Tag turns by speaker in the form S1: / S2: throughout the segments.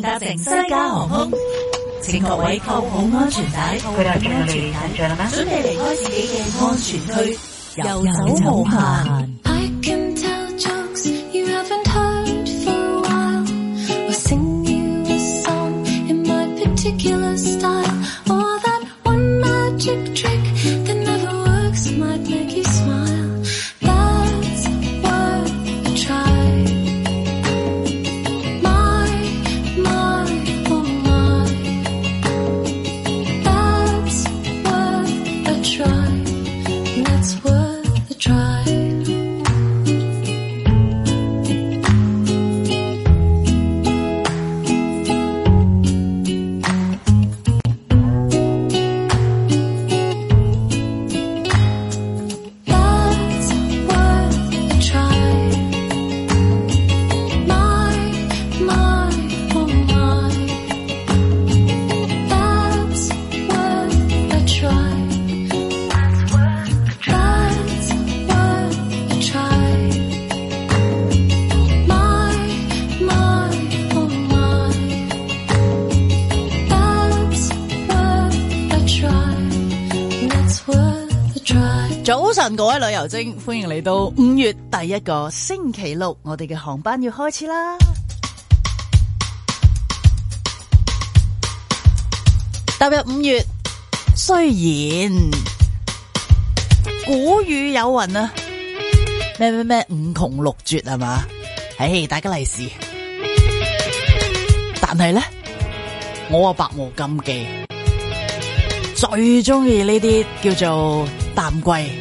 S1: 搭乘西加航空， 請各位扣好安全帶，扣好安全帶，準備離開自己嘅安全區，全全又走無限。
S2: 劉晶，歡迎嚟到五月第一個星期六，我哋嘅航班要開始啦。踏入五月，雖然古語有云啊，咩咩咩五窮六絕係嘛，唉，大家利是，但係咧，我啊百無禁忌，最中意呢啲叫做淡季。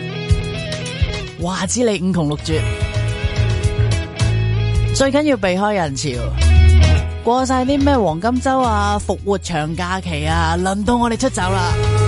S2: 話知你五窮六絕，最緊要避開人潮，過晒啲咩黃金周啊、復活長假期啊，輪到我哋出走啦。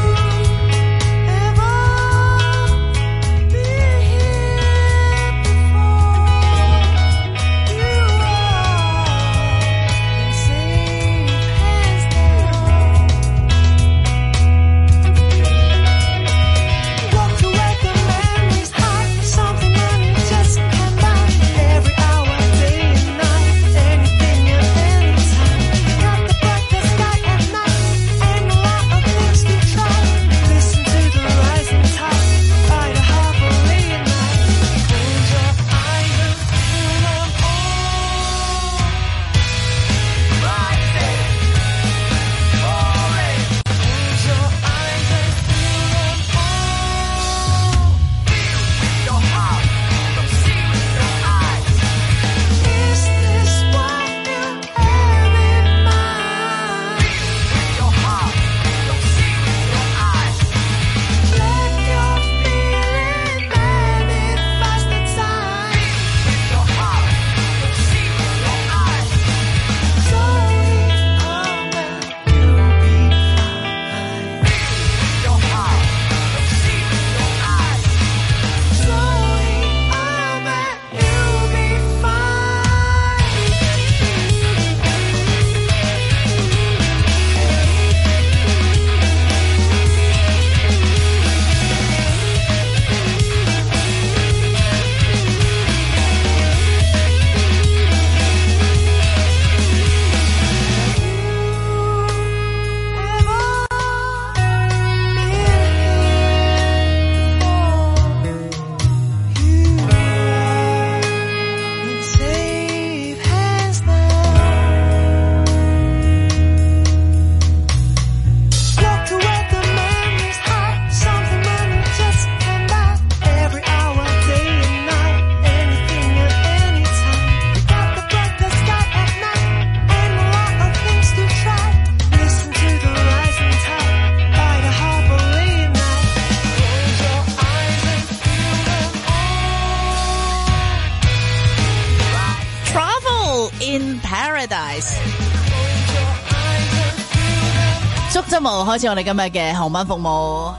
S2: 開始我哋今日嘅航班服務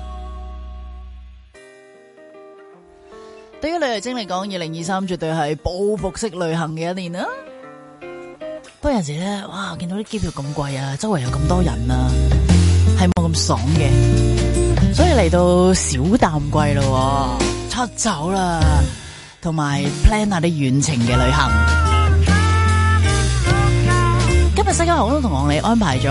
S2: 對於。對於旅遊精嚟講，二零二三絕對係報復式旅行嘅一年啦。不過有時咧，哇，見到啲機票咁貴啊，周圍有咁多人啊，係冇咁爽嘅。所以嚟到小淡季咯，出走啦，同埋 plan 下啲遠程嘅旅行。今日西加航空都同我哋安排咗。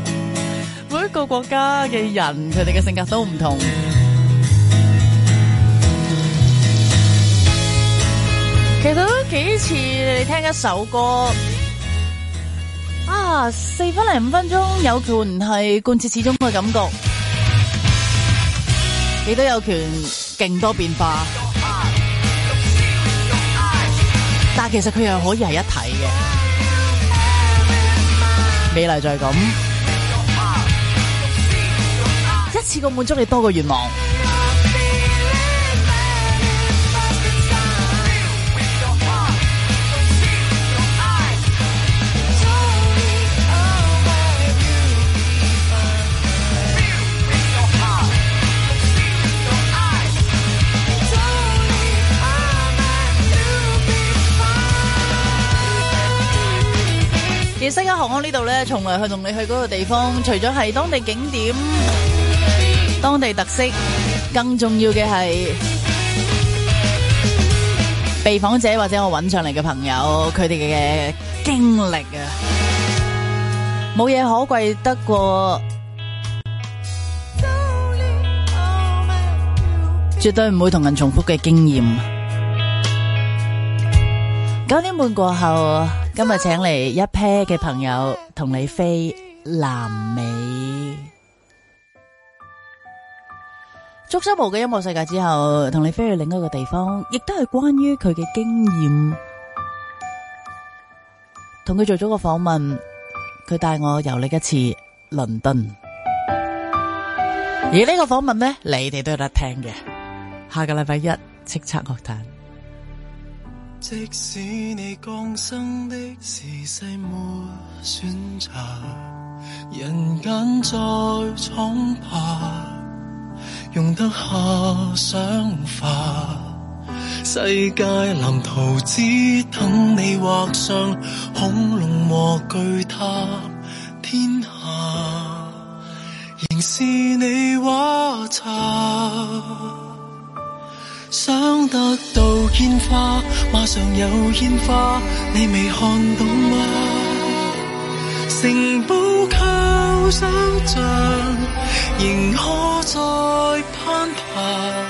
S2: 每一個國家嘅人，佢哋嘅性格都唔同。其實都幾似你聽一首歌啊，四分零五分鐘有權係貫徹始終嘅感覺，你都有權，勁多變化。但係其實佢又可以係一體嘅，美麗就係咁。一次過滿足你多個願望。
S1: 其
S2: 實西加航空呢度從來去同你去嗰個地方，除咗係當地景點。當地特色，更重要嘅係被訪者或者我揾上嚟嘅朋友，佢哋嘅經歷啊，冇嘢可貴得過，絕對唔會同人重複嘅經驗。九點半過後，今日請嚟一 pair 嘅朋友同你飛南美。《竹修舞》嘅音樂世界之後，同你飛去另一個地方，亦都係關於佢嘅經驗。同佢做咗個訪問，佢帶我遊歷一次倫敦。而呢個訪問呢，你哋都有得聽嘅。下個禮拜一，叱咤樂壇。
S1: 即使你降生的時世沒選擇，人間再闖吧。容得下想法，世界藍圖只等你畫上恐龍和巨塔，天下仍是你畫冊。想得到煙花，馬上有煙花，你未看到嗎？城堡靠想像，仍可再攀爬。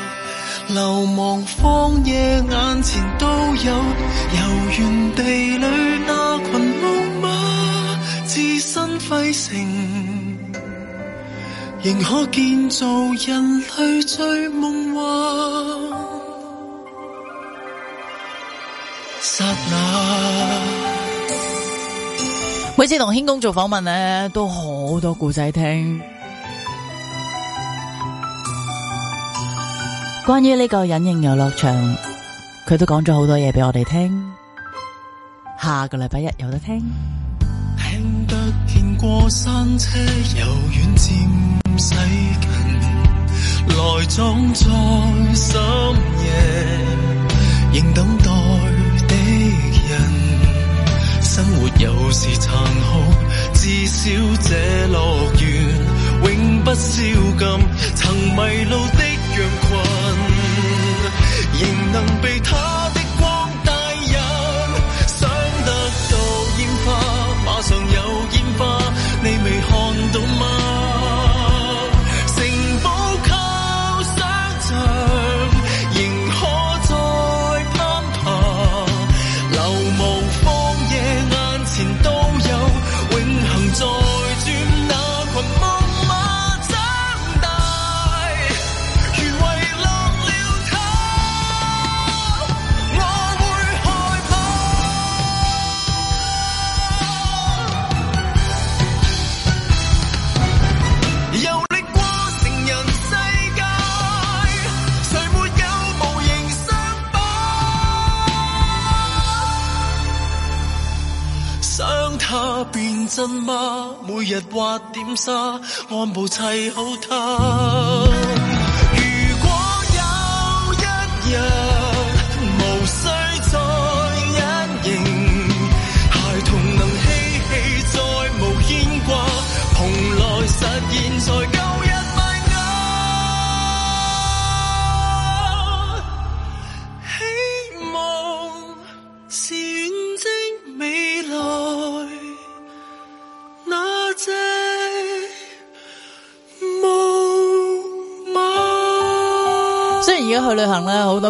S1: 流亡荒野眼前都有，遊園地裏那群木馬，置身廢城，仍可建造人類最夢幻
S2: 刹那。每次同軒公做訪問呢，都好多故仔聽，關於呢個隱形遊樂場。佢都講咗好多嘢俾我哋聽。下
S1: 個禮拜一有得聽，聽。輕得然過山車，由遠佔細近，來裝在深夜，仍等待。生活有時殘酷，至少這樂園永不宵禁。曾迷路的羊群，仍能被。真嗎？每日挖點沙，按部砌好它。如果有一日。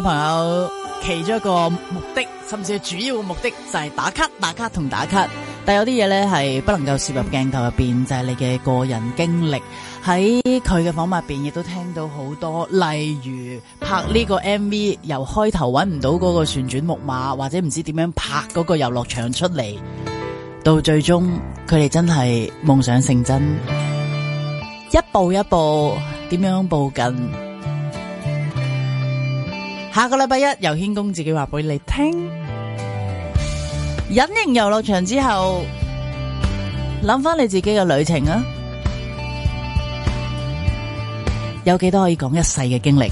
S2: 朋友，其中一個目的，甚至主要嘅目的，就係打卡、打卡同打卡。但有啲嘢咧係不能夠攝入鏡頭入邊，就係你嘅個人經歷。喺佢嘅訪問入邊，亦都聽到好多，例如拍呢個 MV，由開頭搵唔到嗰個旋轉木馬，或者唔知點樣拍嗰個遊樂場出嚟，到最終佢哋真係夢想成真，一步一步點樣步近？下個禮拜一，由天公自己話俾你聽。隱形遊樂場之後，諗翻你自己嘅旅程啊，有幾多可以講一
S1: 世嘅經歷？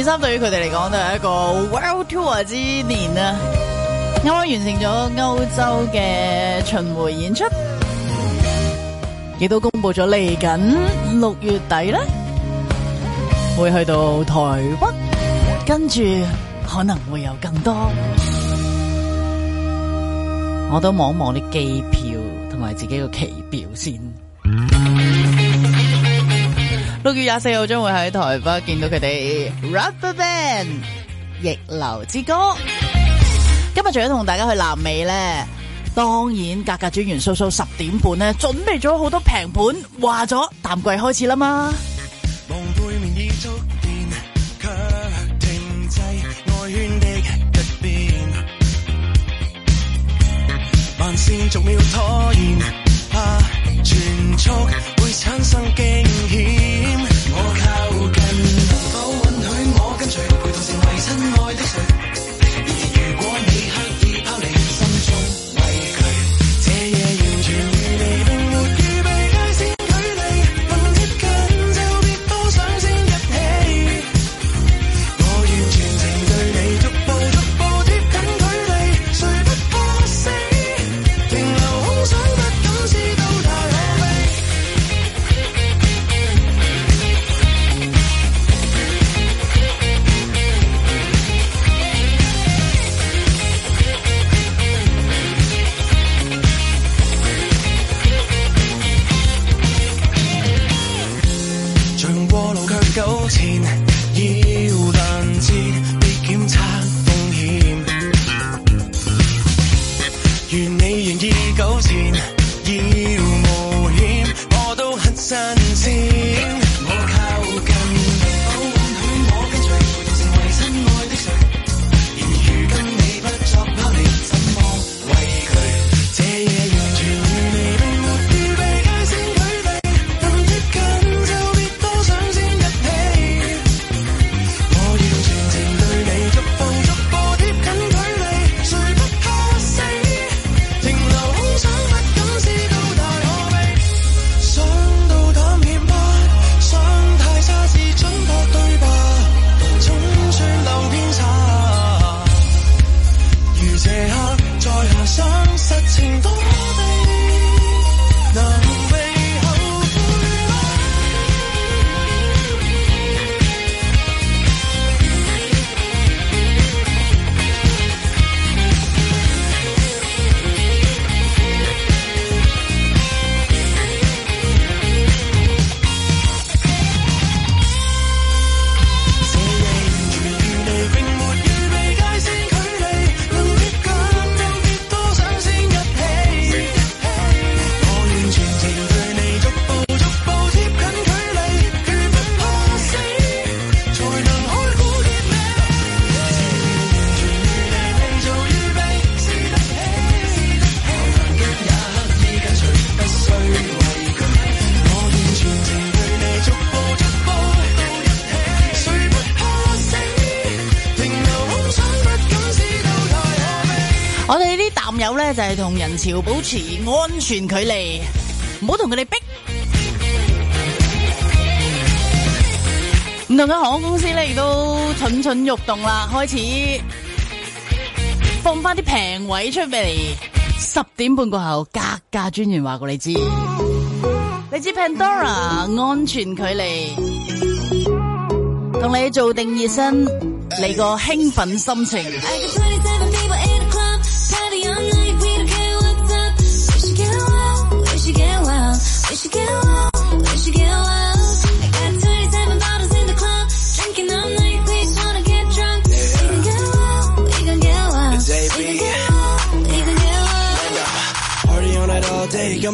S2: 二三對於佢哋嚟講都係一個 World Tour 之年啊，啱啱完成咗歐洲嘅巡迴演出，亦都公布咗嚟緊六月底咧會去到台北，跟住可能會有更多。我都望一望啲機票同埋自己個期表先。六月廿四號將會喺台北見到佢哋 Rubberband 逆流之歌。 今日仲要同大家去南美咧，當然價格專員蘇蘇十點半咧準備咗好多平盤，話咗淡季開始啦嘛。
S3: 夢背面已觸電，卻停滯，外圈的一邊，慢線逐秒拖延，怕全速會產生驚險
S2: 人潮保持安全距離，唔好同佢哋逼。唔同嘅航空公司咧亦都蠢蠢欲動啦，開始放翻啲平位出嚟。十點半過後，格價專員話過你知，你知 Pandora 安全距離，同你做定熱身，你個興奮心情。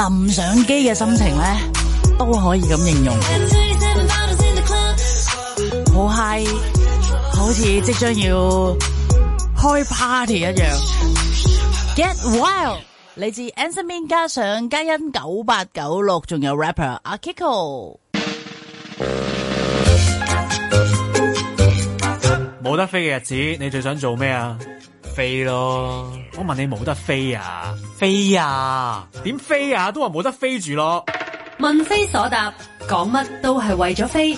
S2: 淋相機嘅心情咧，都可以咁形容，好 high 好似即將要開 party 一樣，Get Wild，嚟自 Anson Man 加上嘉欣九八九六，仲有 rapper 阿 Kiko，
S4: 冇得飛嘅日子，你最想做咩啊？飛咯！我問你冇得飛啊？飛啊？點飛啊？都話冇得飛住咯。
S5: 問非所答，講乜都係為咗飛。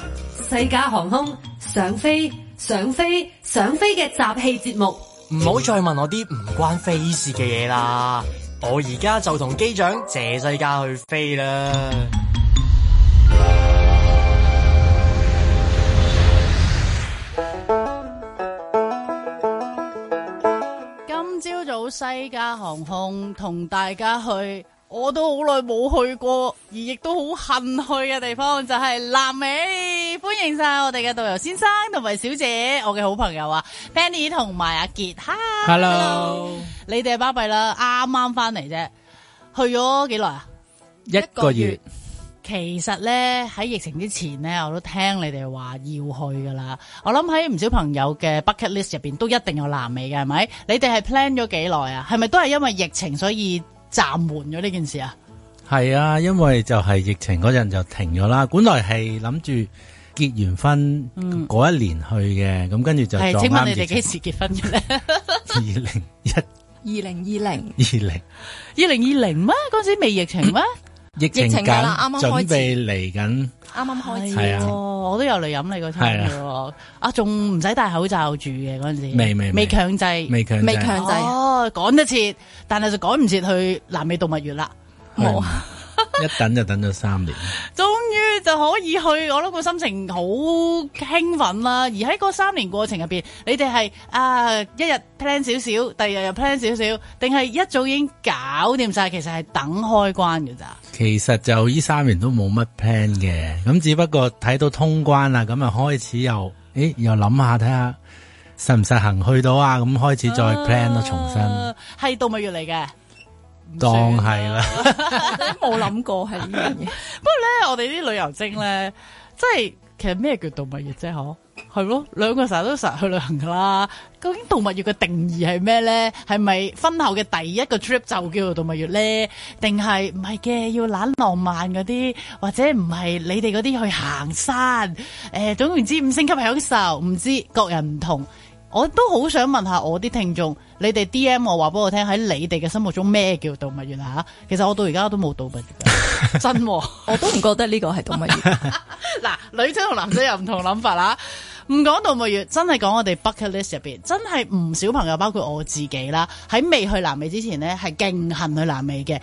S5: 西加航空想飛想飛想飛嘅雜氣節目，
S4: 唔好、嗯、再問我啲唔關
S2: 飛
S5: 事嘅嘢啦。我而家就同機長借西加去飛啦。
S2: 西加航空同大家去，我都好耐冇去過，而亦都好恨去嘅地方就係南美。歡迎晒我哋嘅導遊先生同埋小姐，我嘅好朋友啊，Penny 同埋阿杰。哈，Hello，Hello，你哋巴閉啦，啱啱翻嚟啫，去咗幾耐啊？一個月。其實咧喺疫情之前咧，我都聽你哋話要去噶啦。我諗喺唔少朋友嘅 bucket list 入邊都一定有南美嘅，係咪？你哋係 plan 咗幾耐啊？係咪都係因為疫情所以暫緩咗呢件事啊？
S4: 係啊，因為就係疫情嗰陣就停咗啦。本來係諗住結完婚嗰一年去嘅，咁、嗯、跟住就。係，請問你哋幾
S2: 時結婚嘅咧？
S4: 二零一。二
S2: 零二零。二零。二零二零咩？嗰時未疫情咩？
S4: 疫情噶啦，啱啱準備嚟緊，
S2: 啱啱開始，我都有嚟飲你個餐啊，仲唔使戴口罩住嘅嗰陣時，未未未強制，未強未強制。哦，趕得切，但係就趕唔切去南美動物園啦，
S4: 冇啊。 一等就等咗三年，
S2: 終於就可以去，我諗個心情好興奮啦！而喺嗰三年過程入邊，你哋係啊一日 plan 少少，第二日又 plan 少少，定係一早已經搞掂晒，其實係等開關㗎咋？
S4: 其實就呢三年都冇乜 plan 嘅，咁只不過睇到通關啦，咁啊開始又誒又諗下睇下實唔實行去到啊，咁開始再 plan 咯，啊，重新
S2: 係、啊、到蜜月嚟嘅。當係啦，都冇諗過係呢樣嘢。 不過咧，我哋啲旅遊精咧，即係其實咩叫度蜜月啫、啊？嗬，係咯，兩個成日都成日去旅行噶啦。究竟度蜜月嘅定義係咩咧？係咪婚後嘅第一個 trip 就叫做度蜜月咧？定係唔係嘅？要懶浪漫嗰啲，或者唔係你哋嗰啲去行山？誒、呃，總言之，五星級享受，唔知各人唔同。我都好想問下我啲聽眾，你哋 D M 我話俾我聽，喺你哋嘅心目中咩叫動物園啊？其實我到而家都冇動物園，真喎，我都唔覺得呢個係動物園。嗱，女仔同男仔又唔同諗法啦。唔講動物園，真係講我哋 bucket list 入邊，真係唔少朋友，包括我自己啦，喺未去南美之前呢，係勁恨去南美嘅。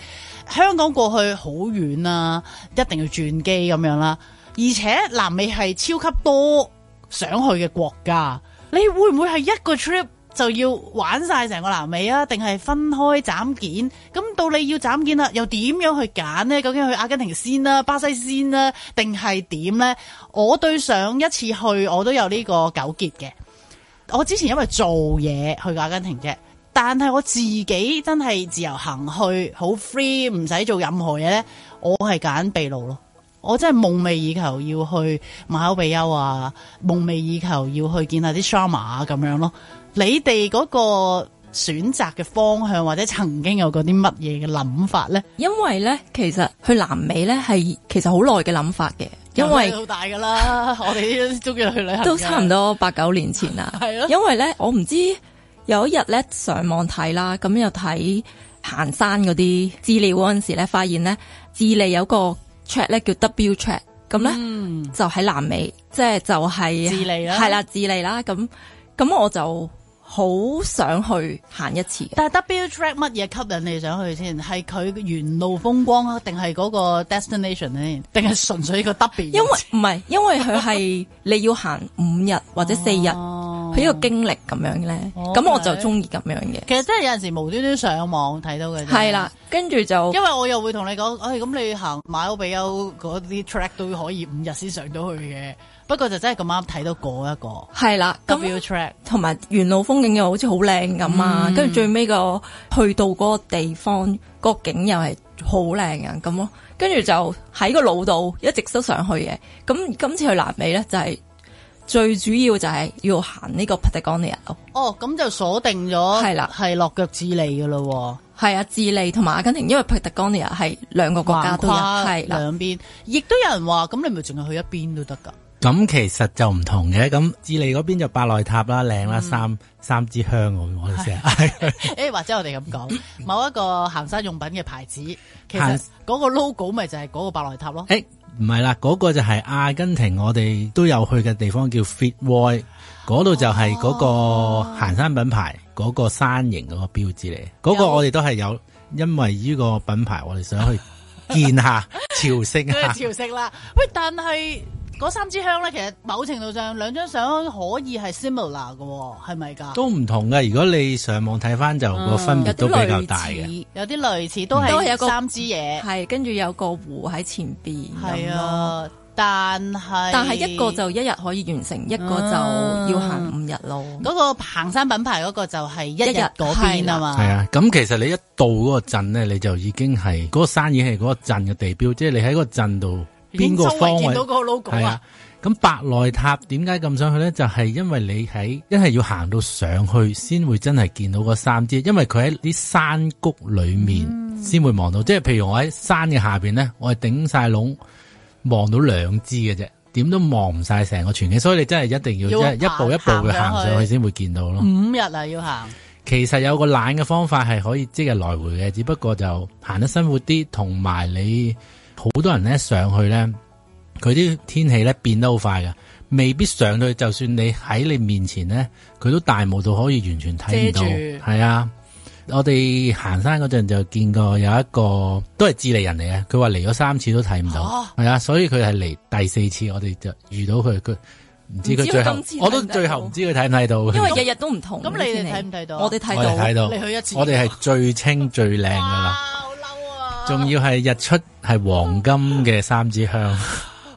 S2: 香港過去好遠啦，一定要轉機咁樣啦，而且南美係超級多想去嘅國家。你會唔會係一個 trip 就要玩晒成個南美啊？定係分開斬件？咁到你要斬件啦，又點樣去揀呢？究竟去阿根廷先啦，巴西先啦，定係點呢？我對上一次去我都有呢個糾結嘅。我之前因為做嘢去阿根廷嘅，但係我自己真係自由行去，好 free，唔使做任何嘢呢，我係揀秘魯咯。我真係夢寐以求要去馬丘比丘啊，夢寐以求要去見下啲山馬啊。咁樣咯。你哋嗰個選擇嘅方向或者曾經有過啲乜嘢嘅諗法咧？因為咧，其實去南美咧係
S6: 其實好耐嘅諗法嘅，因為好
S2: 大噶啦。 我哋中意去旅行都差唔多
S6: 八九年前 啊，係咯，因為咧，我唔知有一日咧上網睇啦，咁又睇行山嗰啲資料嗰陣時咧，發現咧智利有個。check 咧叫 W check，咁咧嗯就喺南美，即係就係智利啦，係啦，
S2: 智利啦，咁咁我就。好想去行一次，但係 W track 乜嘢吸引你想去先？係佢沿路風光，定係嗰個 destination 咧？定係純粹一個 W？ 因為唔係，因為佢係 你要行五日或
S6: 者四日，佢呢、哦、個經歷咁樣咧。咁 okay 我就中意咁樣嘅。
S2: 其實真係有陣時無端端上網睇到嘅。係啦，跟住就因為我又會同你講，哎，咁你行馬魯比歐嗰啲 track 都可以五日先上到去嘅。不過就真係咁啱睇到嗰一個，係啦，咁 track 同埋沿路風景又好似好靚咁啊！跟住、嗯、最尾、個
S6: 去到嗰個地方、個景又係好靚啊！咁咯，跟住就喺個老度一直都上去嘅。咁今次去南美咧，就係、是、最主要就係要行呢個 Patagonia 咯。哦，咁就鎖定咗，係啦，係落腳智利噶咯、啊。係啊，智利同埋阿根廷，因為 Patagonia 係兩個國家都有，係兩邊。
S2: 亦都啦有人話，咁你咪淨係去一邊都得噶。
S4: 咁其實就唔同嘅，咁智利嗰邊就百內塔啦，靚啦、嗯，三三支香我我哋成，
S2: 誒是 或者我哋咁講，嗯、某一個行山用品嘅牌子，行其實嗰個 logo 咪就係嗰個百內塔
S4: 咯，誒唔係啦，嗰、那個就係阿根廷，我哋都有去嘅地方叫 Fitway，嗰度、啊、就係嗰個行山品牌嗰、那個山形嗰個標誌嚟，嗰、那個我哋都係有，有因為呢個品牌我哋想去見下朝聖， 朝
S2: 聖啦，喂但係。嗰三支香咧，其實某程度上兩張相可以係 similar 嘅、哦，係咪噶？都
S4: 唔同嘅。如果你上網睇翻就個分別、嗯、都比較大嘅，
S2: 有啲類似都係三支嘢，係跟住有個湖喺前
S6: 邊
S1: 係啊。
S2: 但係
S1: 是
S6: 但係一個
S2: 就一日可以完成，嗯、一個就要行五日囉。嗰個行山品牌嗰個就係一日嗰邊啊嘛。係了啊，
S4: 咁其實你一到嗰個鎮咧，你就已經係嗰、嗰個山已經係嗰個鎮嘅地標，即、就、係、是、你喺個鎮度。邊個方位？係啊，咁白內塔點解咁想去呢？就係、是、因為你喺，一係要行到上去，先會真係見到三支，因為佢喺啲山谷裏面，先會望到。嗯、即係譬如我喺山嘅下邊呢，我係頂晒籠望到兩支嘅啫，點都望唔晒成個全景。所以你真係一定要，要爬一步一步去行上去，先會見到咯。
S2: 五日啊，要行。
S4: 其實有個懶嘅方法係可以即日來回嘅，只不過就行得辛苦啲，同埋你。好多人咧，一上去咧，佢啲天氣咧變得好快噶，未必上去，就算你喺你面前咧，佢都大霧到可以完全睇唔到。係住啊，我哋行山嗰陣就見過有一個都係智利人嚟嘅，佢話嚟咗三次都睇唔到，係蛤啊，所以佢係嚟第四次，我哋就遇到佢，佢唔知佢最後我都最後唔知佢睇唔睇到，因為日
S6: 日都唔同。咁你哋睇唔睇到？我哋睇到，我哋睇到。你去一次，我哋係
S4: 最清最靚噶啦。啊仲要係日出係黃金嘅三支香，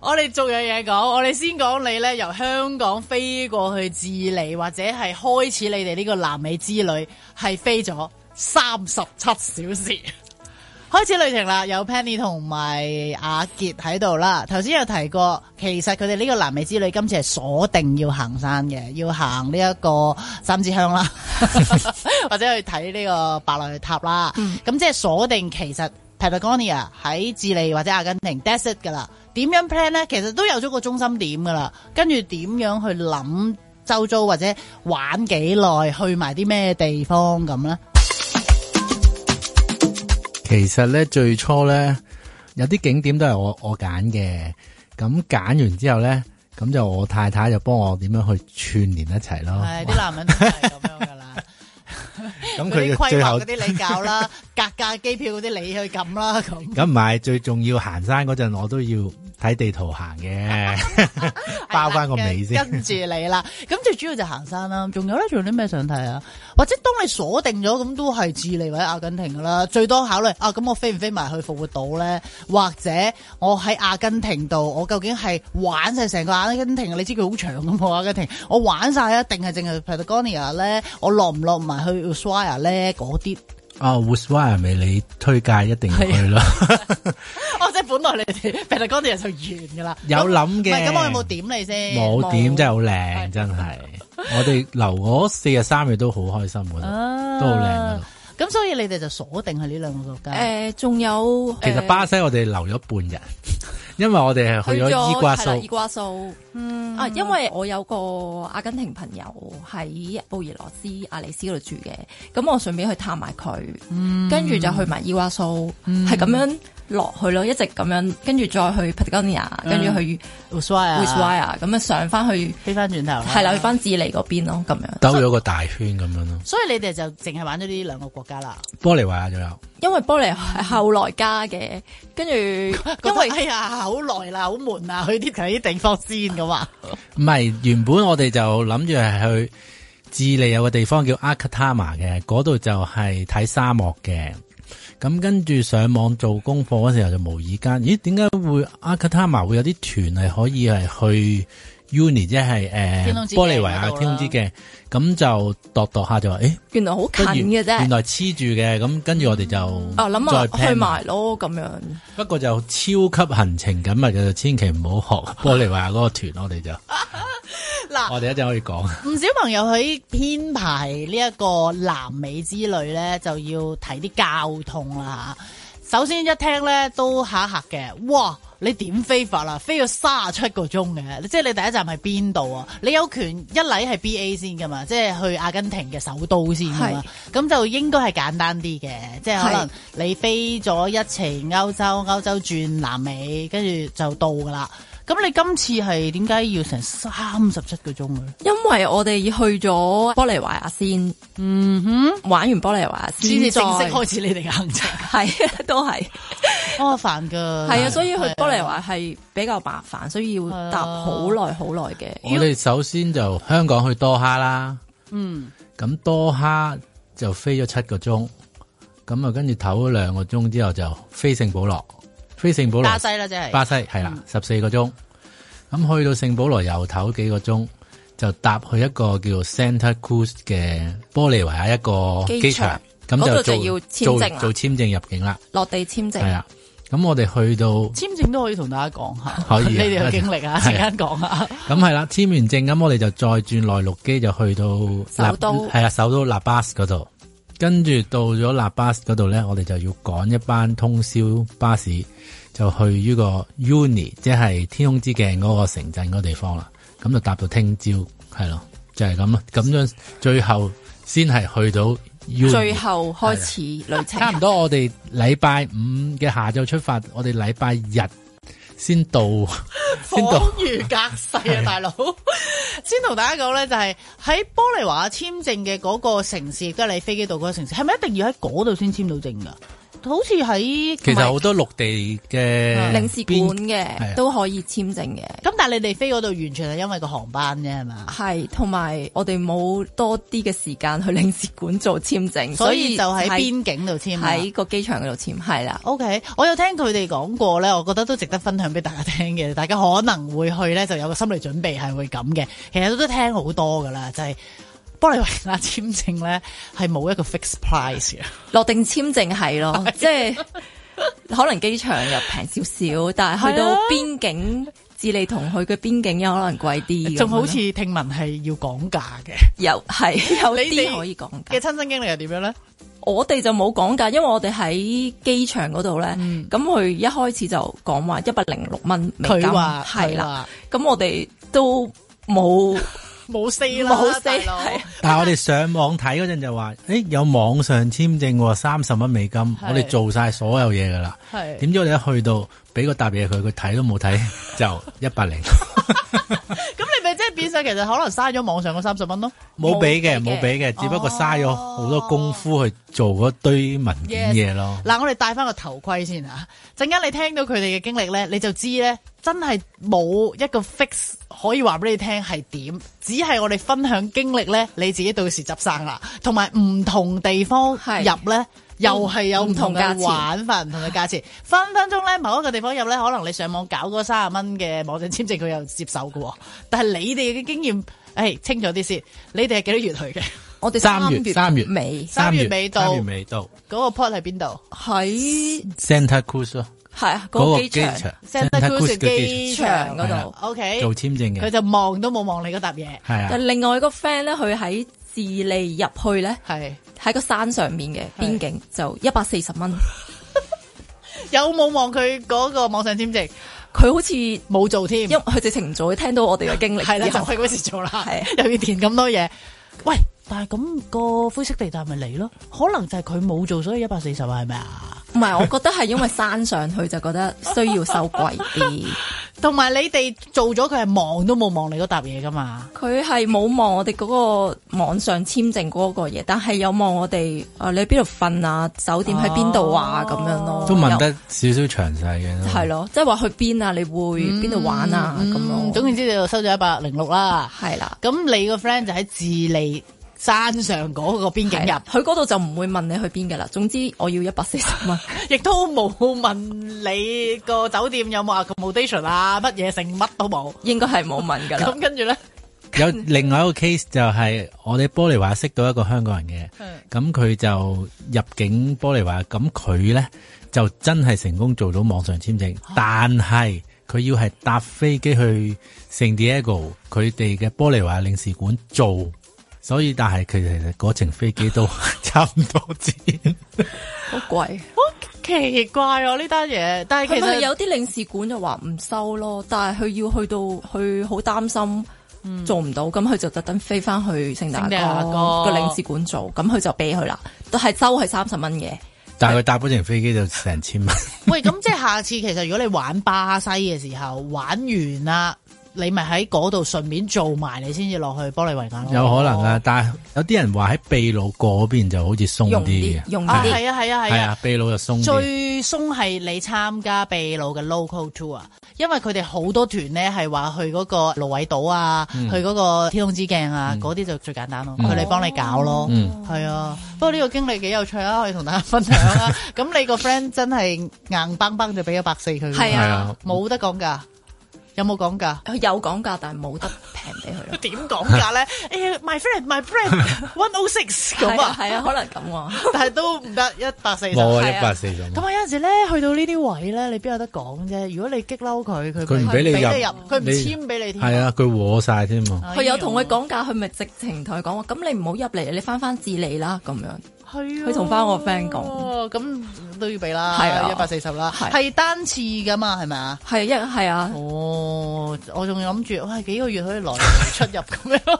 S2: 我哋仲有嘢講。我哋先講你呢，由香港飛過去智利或者係開始你哋呢個南美之旅係飛咗三十七小時，開始旅程啦，有 Penny 同埋阿杰喺度啦。頭先有提過，其實佢哋呢個南美之旅今次係鎖定要行山嘅，要行呢一個三支香啦， 或者去睇呢個白內塔啦，咁、嗯、即係鎖定其實。Patagonia 喺智利或者阿根廷 desert 噶啦。點樣 plan 咧？其實都有咗個中心點噶啦，跟住點樣去諗，周遭或者玩幾耐，去埋啲咩地方咁咧？
S4: 其實咧，最初咧有啲景點都係我我揀嘅，咁揀完之後咧，咁就我太太就幫我點樣去串聯一齊咯。係啲男人
S2: 都係咁樣㗎啦。咁佢規劃嗰啲你搞啦， 格價機票嗰啲你去撳啦，咁咁
S4: 唔係最重要，行山嗰陣我都要。睇地圖行嘅， 包翻個尾先 跟住
S2: 你啦。咁最主要就行山啦、啊。仲有咧，仲有啲咩想睇啊？或者當你鎖定咗，咁都係智利或者阿根廷噶啦。最多考慮啊，咁我飛唔飛埋去復活島咧？或者我喺阿根廷度，我究竟係玩曬成個阿根廷？你知佢好長咁嘛、啊？阿根廷，我玩曬一定係淨係 Patagonia 咧。我落唔落埋去 Uruguay 咧？嗰啲。
S4: 啊，烏斯懷亞係咪你推介一定去咯？
S2: 哦，即係本來你哋，其實嗰啲人就完噶啦。
S4: 有諗嘅，咁我有冇
S2: 點你先？冇點沒
S4: 真係好靚， 真係。我哋留嗰四日三日都好開心，嗰
S2: 度，啊、都好靚㗎。咁所以你哋就鎖定喺呢兩個國家。誒、欸，仲有，
S6: 欸、其實巴
S4: 西我哋留咗半日。 因為我哋係去咗伊瓜蘇，伊瓜
S6: 蘇，啊，因為我有個阿根廷朋友喺布宜諾斯阿里斯嗰度住嘅，咁我順便去探埋佢，
S1: 跟住就去
S6: 埋伊瓜蘇，係咁樣落去咯，一直咁樣，跟住再去 Patagonia，跟住去 u r u a y u u g u a y 咁樣上翻去，飛翻轉頭，係啦，去翻智利嗰邊咯，咁樣
S4: 兜咗個大圈咁樣咯。
S6: 所以你哋就淨係玩咗呢兩個國家啦。
S4: 玻利維亞又有。
S2: 因為玻璃係後來加嘅，跟住、嗯、因為哎呀好耐啦，好悶啊，去啲睇啲地方先噶嘛。
S4: 唔係 原本我哋就諗住係去智利有個地方叫阿卡塔馬嘅，嗰度就係睇沙漠嘅。咁跟住上網做功課嗰時候就無意間，咦？點解會阿卡塔馬會有啲團係可以係去？Uni 即係誒玻利維亞天空之鏡，咁就度度下就話，誒
S6: 原來好近嘅啫，原
S4: 來黐住嘅，咁跟住我哋就啊諗去埋咯咁樣。不過就超級行程緊密嘅，就千祈唔好學玻利維亞嗰個團，我哋就嗱，我哋一陣可以講。
S2: 唔少朋友喺編排呢一個南美之旅咧，就要睇啲交通啦首先一聽咧都嚇一嚇嘅，哇！你點飛法啦？飛咗三十七個鐘嘅，即係你第一站係邊度啊？你有權一嚟係 BA 先㗎嘛？即係去阿根廷嘅首都先嘛？咁是就應該係簡單啲嘅，即係可能你飛咗一程歐洲，歐洲轉南美，跟住就到㗎喇。咁你今次係點解要成三十七個鐘嘅？因
S6: 為我哋已去咗玻利維亞先，嗯哼，玩完玻利維亞先，正式你再開始你哋嘅
S2: 行程。係、 啊，都係麻煩噶。係 啊，所以去玻利維
S6: 亞係比較麻煩，所以要搭好耐好耐嘅。啊、為我哋
S4: 首先就香港去多哈啦，嗯，咁多哈就飛咗七個鐘，咁啊，跟住唞咗兩個鐘之後就飛聖保羅。飛聖保羅，西巴西啦，即係巴西係啦，嗯、十四個鐘，咁去到聖保羅頭幾個鐘就搭去一個叫 Santa Cruz 嘅玻利維亞一個機場，咁就做就要簽證做簽證入境啦，
S2: 落地簽
S6: 證係啊，
S4: 咁我哋去到簽
S2: 證都可以同大家講下，可以你哋嘅經歷啊，陣間講
S4: 咁係啦，簽完證咁我哋就再轉內陸機就去到立首都，係啊，首都拉巴斯嗰度。跟住到咗拉巴斯嗰度咧，我哋就要趕一班通宵巴士，就去呢個、y、Uni，即係天空之鏡嗰個城鎮嗰地方啦。咁就搭到聽朝，係咯，就係咁咯。咁樣最後先係去到、y、Uni。最後開始旅程。差唔多我哋禮拜五嘅下晝出發，我哋禮拜日。先到先到，恍
S2: 如隔世啊，大佬！是的 先同大家講咧，就係、是、喺玻利華簽證嘅嗰個城市，亦都係你飛機到嗰個城市，係咪一定要喺嗰度先簽到證噶？好似喺其
S4: 實好多陸地嘅、嗯、領事館嘅都
S2: 可以簽證嘅，咁但你哋飛嗰度完全係因為個航班啫係嘛？係，同
S6: 埋我哋冇多啲嘅時間去領事館做簽證，所以就喺邊
S2: 境度簽，喺個機場嗰度簽，係啦。OK，我有聽佢哋講過咧，我覺得都值得分享俾大家聽嘅，大家可能會去咧就有個心理準備係會咁嘅。其實都聽好多㗎啦，就係。玻利維亞簽證咧係冇一個 fixed price 嘅，落
S6: 定簽證係咯，是是的即係可能機場又平少少，但係去到邊境的智利同佢嘅邊境又可能貴啲。仲好似聽聞係要講價嘅，有係有啲可以講價嘅。你的親身經歷又點樣咧？我哋就冇講價，因為我哋喺機場嗰度咧，咁佢、嗯、一開始就講話一百零六蚊，佢話係啦，咁的說我哋都冇。 冇四
S4: 啦，但係我哋上網睇嗰陣就話，誒、欸、有網上簽證三十蚊美金，是我哋做曬所有嘢噶啦，點是知我哋一去到俾個答嘢佢，佢睇都冇睇， 就一百零。
S2: 先生其實可能嘥咗網上嗰三十蚊咯，冇俾嘅冇俾嘅，只不過
S4: 嘥咗好多功夫去做嗰堆文件嘢咯。嗱、oh.
S2: Yes.，我哋戴翻個頭盔先嚇，陣間你聽到佢哋嘅經歷咧，你就知咧，真係冇一個 fix 可以話俾你聽係點，只係我哋分享經歷咧，你自己到時執生啦，同埋唔同地方入咧。又係有唔同嘅玩法，唔同嘅價錢，分分鐘咧某一個地方入咧，可能你上網搞嗰三十蚊嘅網上簽證，佢又接受喎。但係你哋嘅經驗，誒清楚啲先。你哋係幾多月去嘅？我哋三月，三月尾，三月尾到。三月
S4: 尾到。
S2: 嗰個 port 喺邊度？喺
S4: Santa Cruz。係啊，嗰個機場。Santa Cruz 機場
S1: 嗰度。O K。做簽證嘅。佢
S2: 就望都冇望你嗰沓嘢。係啊。但另
S6: 外個 friend 咧，佢喺智利入去咧。喺個山上面嘅邊境的就一百四十蚊，
S2: 有冇望佢嗰個網上簽證？
S6: 佢好似冇做添，因為佢直情唔做。聽到我哋嘅經歷，係啦 就係嗰時做啦，又的要填
S2: 咁多嘢。喂，但係咁個灰色地帶咪嚟咯？可能就係佢冇做，所以一百四十啊，係咪啊？
S6: 唔係，我覺得係因為山上去 就覺得需要收貴啲，
S2: 同埋 你哋做咗佢係望都冇望你嗰沓嘢噶嘛？
S6: 佢係冇望我哋嗰個網上簽證嗰個嘢，但係有望我哋啊，你喺邊度瞓啊？酒店喺邊度啊？咁、哦、樣咯，都問得
S4: 又少少詳細嘅咯。係
S6: 咯，即係話去邊啊？
S2: 你會邊度玩啊？咁、嗯、咯，總之你就收咗一百零六啦。係啦，咁你個 friend 就喺智利。山上嗰個邊境入佢嗰度就唔會問你去邊噶啦。總之我要一百四十蚊，亦都冇問你個酒店有冇 accommodation 啊，乜嘢剩乜都冇，應該係冇問㗎啦。咁跟住咧，
S4: 有另外一個 case 就係我哋玻利華識到一個香港人嘅，咁佢就入境玻利華，咁佢咧就真係成功做到網上簽證，但係佢要係搭飛機去聖地亞哥，佢哋嘅玻利華領事館做。所以，但係佢其實嗰程飛機都差唔多錢， 啊，
S6: 好貴，好奇怪哦，呢單嘢。但係其實有啲領事館就話唔收咯，但係佢要去到去好擔心做唔到，咁佢、嗯、就特登飛翻去聖達哥個領事館做，咁佢就俾佢啦。都係係係但係收係三十蚊嘅，
S4: 但係佢搭嗰程飛機就成千蚊。
S2: 喂，咁即係下次其實如果你玩巴西嘅時候，玩完啦。你咪喺嗰度順便做埋，你先至落去玻利維亞
S4: 咯。有可能啊，但有啲人話喺秘魯嗰邊就好似鬆啲嘅，鬆
S2: 啲啊，係啊，係啊，係啊，
S4: 秘魯就鬆。最
S2: 鬆係你參加秘魯嘅 local tour，因為佢哋好多團咧係話去嗰個蘆葦島啊，去嗰個天空之鏡啊，嗰啲就最簡單咯，佢哋幫你搞咯，係啊。不過呢個經歷幾有趣啊，可以同大家分享啊。咁你個 friend 真係硬邦邦就俾咗百四佢，係啊，冇得講㗎。有冇講價？有講價，但係冇得平俾佢。點講價咧？哎呀，my friend，my friend，one o six 咁啊，係啊，可能咁，但係都唔得一百四。
S4: 我係一百四。咁
S2: 啊，有陣時咧，去到呢啲位咧，你邊有得講啫？如果你激嬲佢，佢
S6: 唔俾你入，佢唔簽俾你，係啊，
S4: 佢和晒添啊。
S6: 佢有同佢講價，佢咪直情同佢講話：咁你唔好入嚟，你翻翻智利啦。咁樣，係啊，佢同翻我 friend 講，
S2: 咁。都要俾啦，係啊，一百四十啦，係單次噶嘛，係咪嗎啊？係一係啊。哦，我仲諗住，喂，幾個月可以來出入咁樣？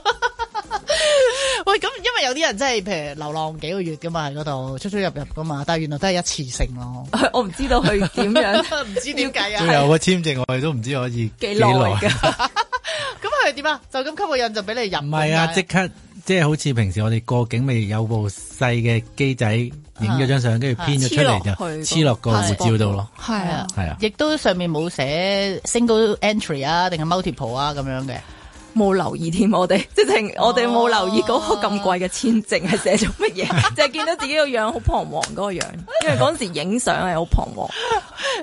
S2: 喂，咁因為有啲人真係譬如流浪幾個月噶嘛，喺嗰度出出入入噶嘛，但係原來都係一次性咯。我唔知道佢點樣，唔 知點解啊。都
S4: 有個簽證，我哋都唔知可以幾耐噶。
S2: 咁佢點啊？就咁吸個印就俾你入？唔係啊，即
S4: 刻。即係好似平時我哋過境未有部細嘅機仔影咗張相，跟住編咗出嚟，就黐落個護照度咯。係啊，係啊。亦
S2: 都上面冇寫 single entry 啊，定係 multiple 啊咁樣嘅。冇留意添，哦、我哋即係我哋冇留意嗰個咁貴嘅簽證係寫咗
S6: 乜嘢，就係見到自己個樣好彷徨嗰個樣。 因為嗰時影相係好彷徨。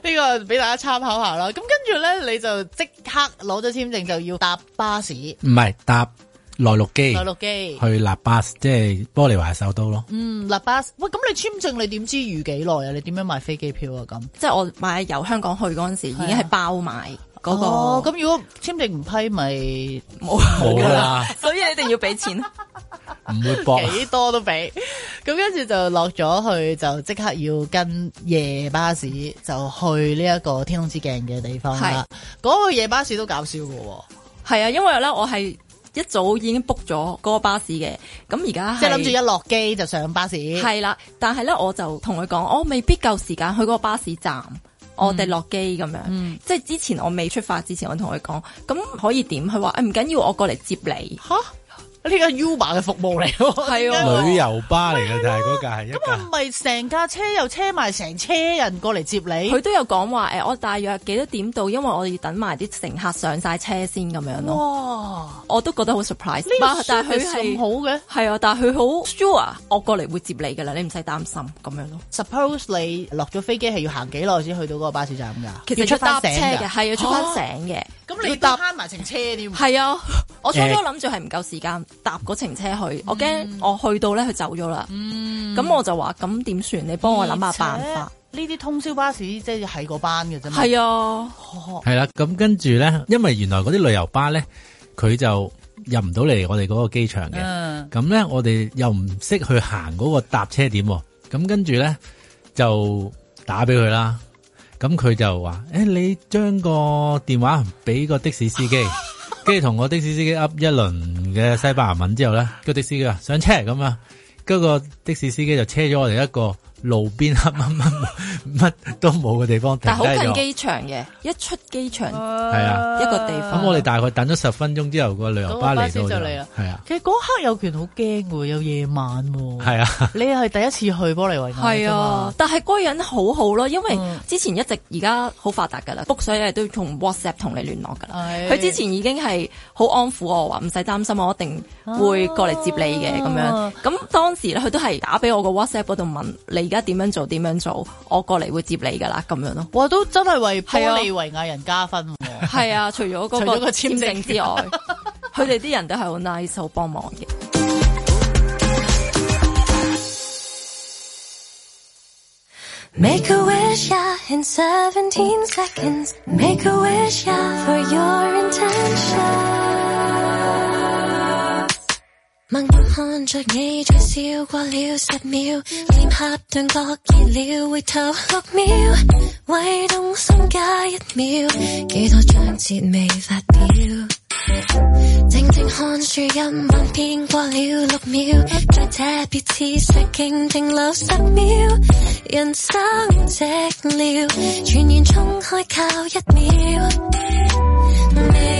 S2: 呢 個俾大家參考下啦。咁跟住咧，你就即刻攞咗簽證就要搭巴士。
S4: 唔係搭。內陸機，內陸機去拉巴士，即、就、係、是、玻利維首都咯。嗯，
S2: 拉巴士，喂，咁你簽證你點知預幾耐啊？你點樣買飛機票啊？咁，即係我買由香港去嗰陣時，啊、已經係包買嗰、那個。咁、哦、如果簽證唔批，咪冇㗎啦。啊、 所以一定要俾錢，
S4: 唔 會搏幾、啊、
S2: 多都俾。咁跟住就落咗去，就即刻要跟夜巴士就去呢一個天空之鏡嘅地方
S6: 嗰是個夜巴士都搞笑噶，係啊，因為咧我係。一早已經 book 咗嗰個巴士嘅，咁而家即係諗住一落機就上巴士。係啦，但係咧我就同佢講，我未必夠時間去嗰個巴士站，嗯、我哋落機咁樣。嗯、即係之前我未出發之前我跟他說，我同佢講，咁可以點？佢話誒唔緊要，我過嚟接你吓呢
S2: 個 Uber 嘅服務嚟，係、
S6: 啊、
S4: 旅遊巴嚟嘅就係嗰架係咁
S2: 啊，唔係成架車又車埋成車人過嚟接你，佢都有講話誒，我大約幾多點到，因為我
S6: 哋等埋啲乘客上晒車先咁樣咯。
S1: 哇
S6: 我都覺得好 surprise，但係佢係好嘅，係啊，但係佢好 sure，我過嚟會接你㗎啦，你唔使擔心咁樣咯。
S2: Suppose 你落咗飛機係要行幾耐先去到嗰個巴士站㗎、啊？其實要搭車嘅，係、啊、
S6: 要出翻城嘅。咁你都慳埋成車添。係啊，我初初諗住係唔夠時間。欸搭個程車去，嗯、我驚我去到咧，佢走咗啦。嗯，咁我就話，咁點算？你幫我諗下辦法。
S2: 呢啲通宵巴士即係喺個班嘅啫。係啊，
S4: 係啦呵。咁跟住咧，因為原來嗰啲旅遊巴咧，佢就入唔到嚟我哋嗰個機場嘅。咁咧、嗯，我哋又唔識去行嗰個搭車點。咁跟住咧就打俾佢啦。咁佢就話：誒、欸，你將個電話俾個的士司機。啊跟住同個的士司機 up 一輪嘅西班牙文之後咧，個的士佢話上車咁啊，嗰個的士司機就車咗我哋一個。路邊黑乜乜乜都冇嘅地方，但好近機
S6: 場嘅，一出機場
S4: 係啊，一個地方，咁我哋大概等咗十分鐘之後，個旅遊巴嚟咗。係啊，其
S2: 實嗰刻有權好驚嘅，有夜晚喎。係啊，你係第一次去玻利維亞啫，係啊，
S6: 但係嗰個人好好咯，因為之前一直而家好發達㗎啦，book 都同 WhatsApp 同你聯絡㗎啦。
S1: 佢之前
S6: 已經係好安撫我話唔使擔心，我一定會過嚟接你嘅咁樣。咁當時咧，佢都係打俾我個 WhatsApp 度問你。而家點樣做點樣做，我過嚟會接你噶啦，咁樣咯。我都真係為玻利維亞、啊、人加分，係啊，除咗嗰個簽 證，證之外，佢哋啲人都係好 nice，好幫忙
S1: 嘅。默默看着你在笑，過了十秒，臉頰頓覺熱了，回頭六秒，為動心加一秒，幾多章節未發表。靜靜看樹蔭慢變，過了六秒，在這別致石徑停留十秒，人生寂寥，全然衝開靠一秒。未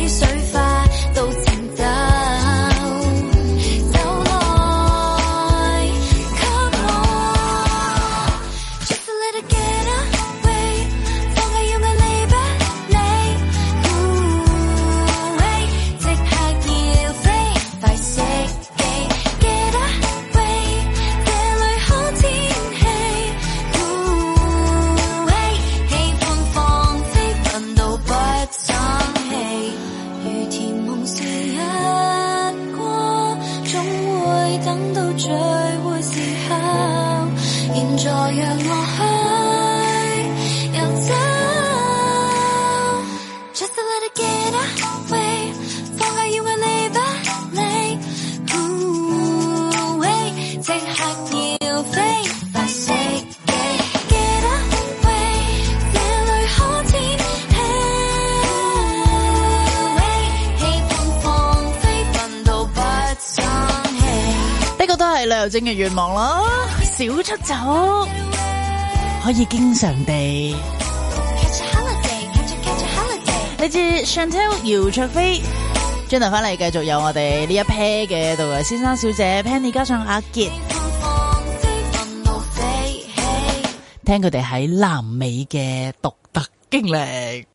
S1: 願望咯，少出走，
S2: 可以經常地。來自 Chantel 姚卓菲轉頭翻嚟繼續有我哋呢一 pair 嘅導遊先生、小姐 Penny，加上阿杰，on day, hey、聽佢哋喺南美嘅獨特經歷。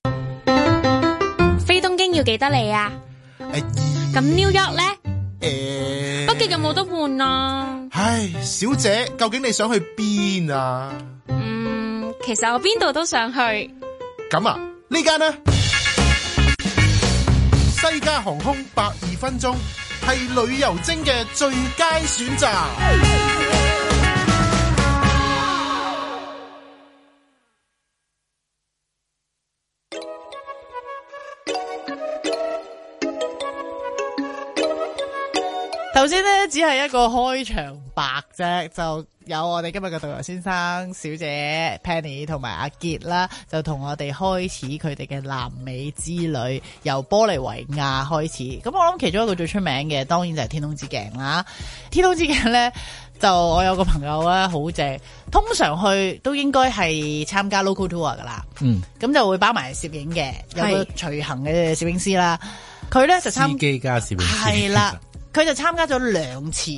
S2: 飛東京要記得嚟啊！
S6: 咁 New York 咧？誒，欸、北京有冇得換啊？
S4: 唉，小姐，究竟你想去邊啊？嗯，
S6: 其實我邊度都想去。
S4: 咁啊，呢間呢？ 西加航空百二分鐘係旅遊精嘅最佳選擇。
S2: 首先呢，只係一個開場白啫，就有我哋今日嘅導遊先生、小姐 Penny 同埋阿杰啦，就同我哋開始佢哋嘅南美之旅，由玻利維亞開始。咁我諗其中一個最出名嘅，當然就係天空之鏡啦。天空之鏡呢，就我有個朋友咧好正，通常去都應該係參加 local tour 噶啦。嗯，咁就會包埋攝影嘅，有個隨行嘅攝影師啦。佢是呢，就參，司機
S4: 加攝影師。
S2: 係啦。 佢就參加咗兩次，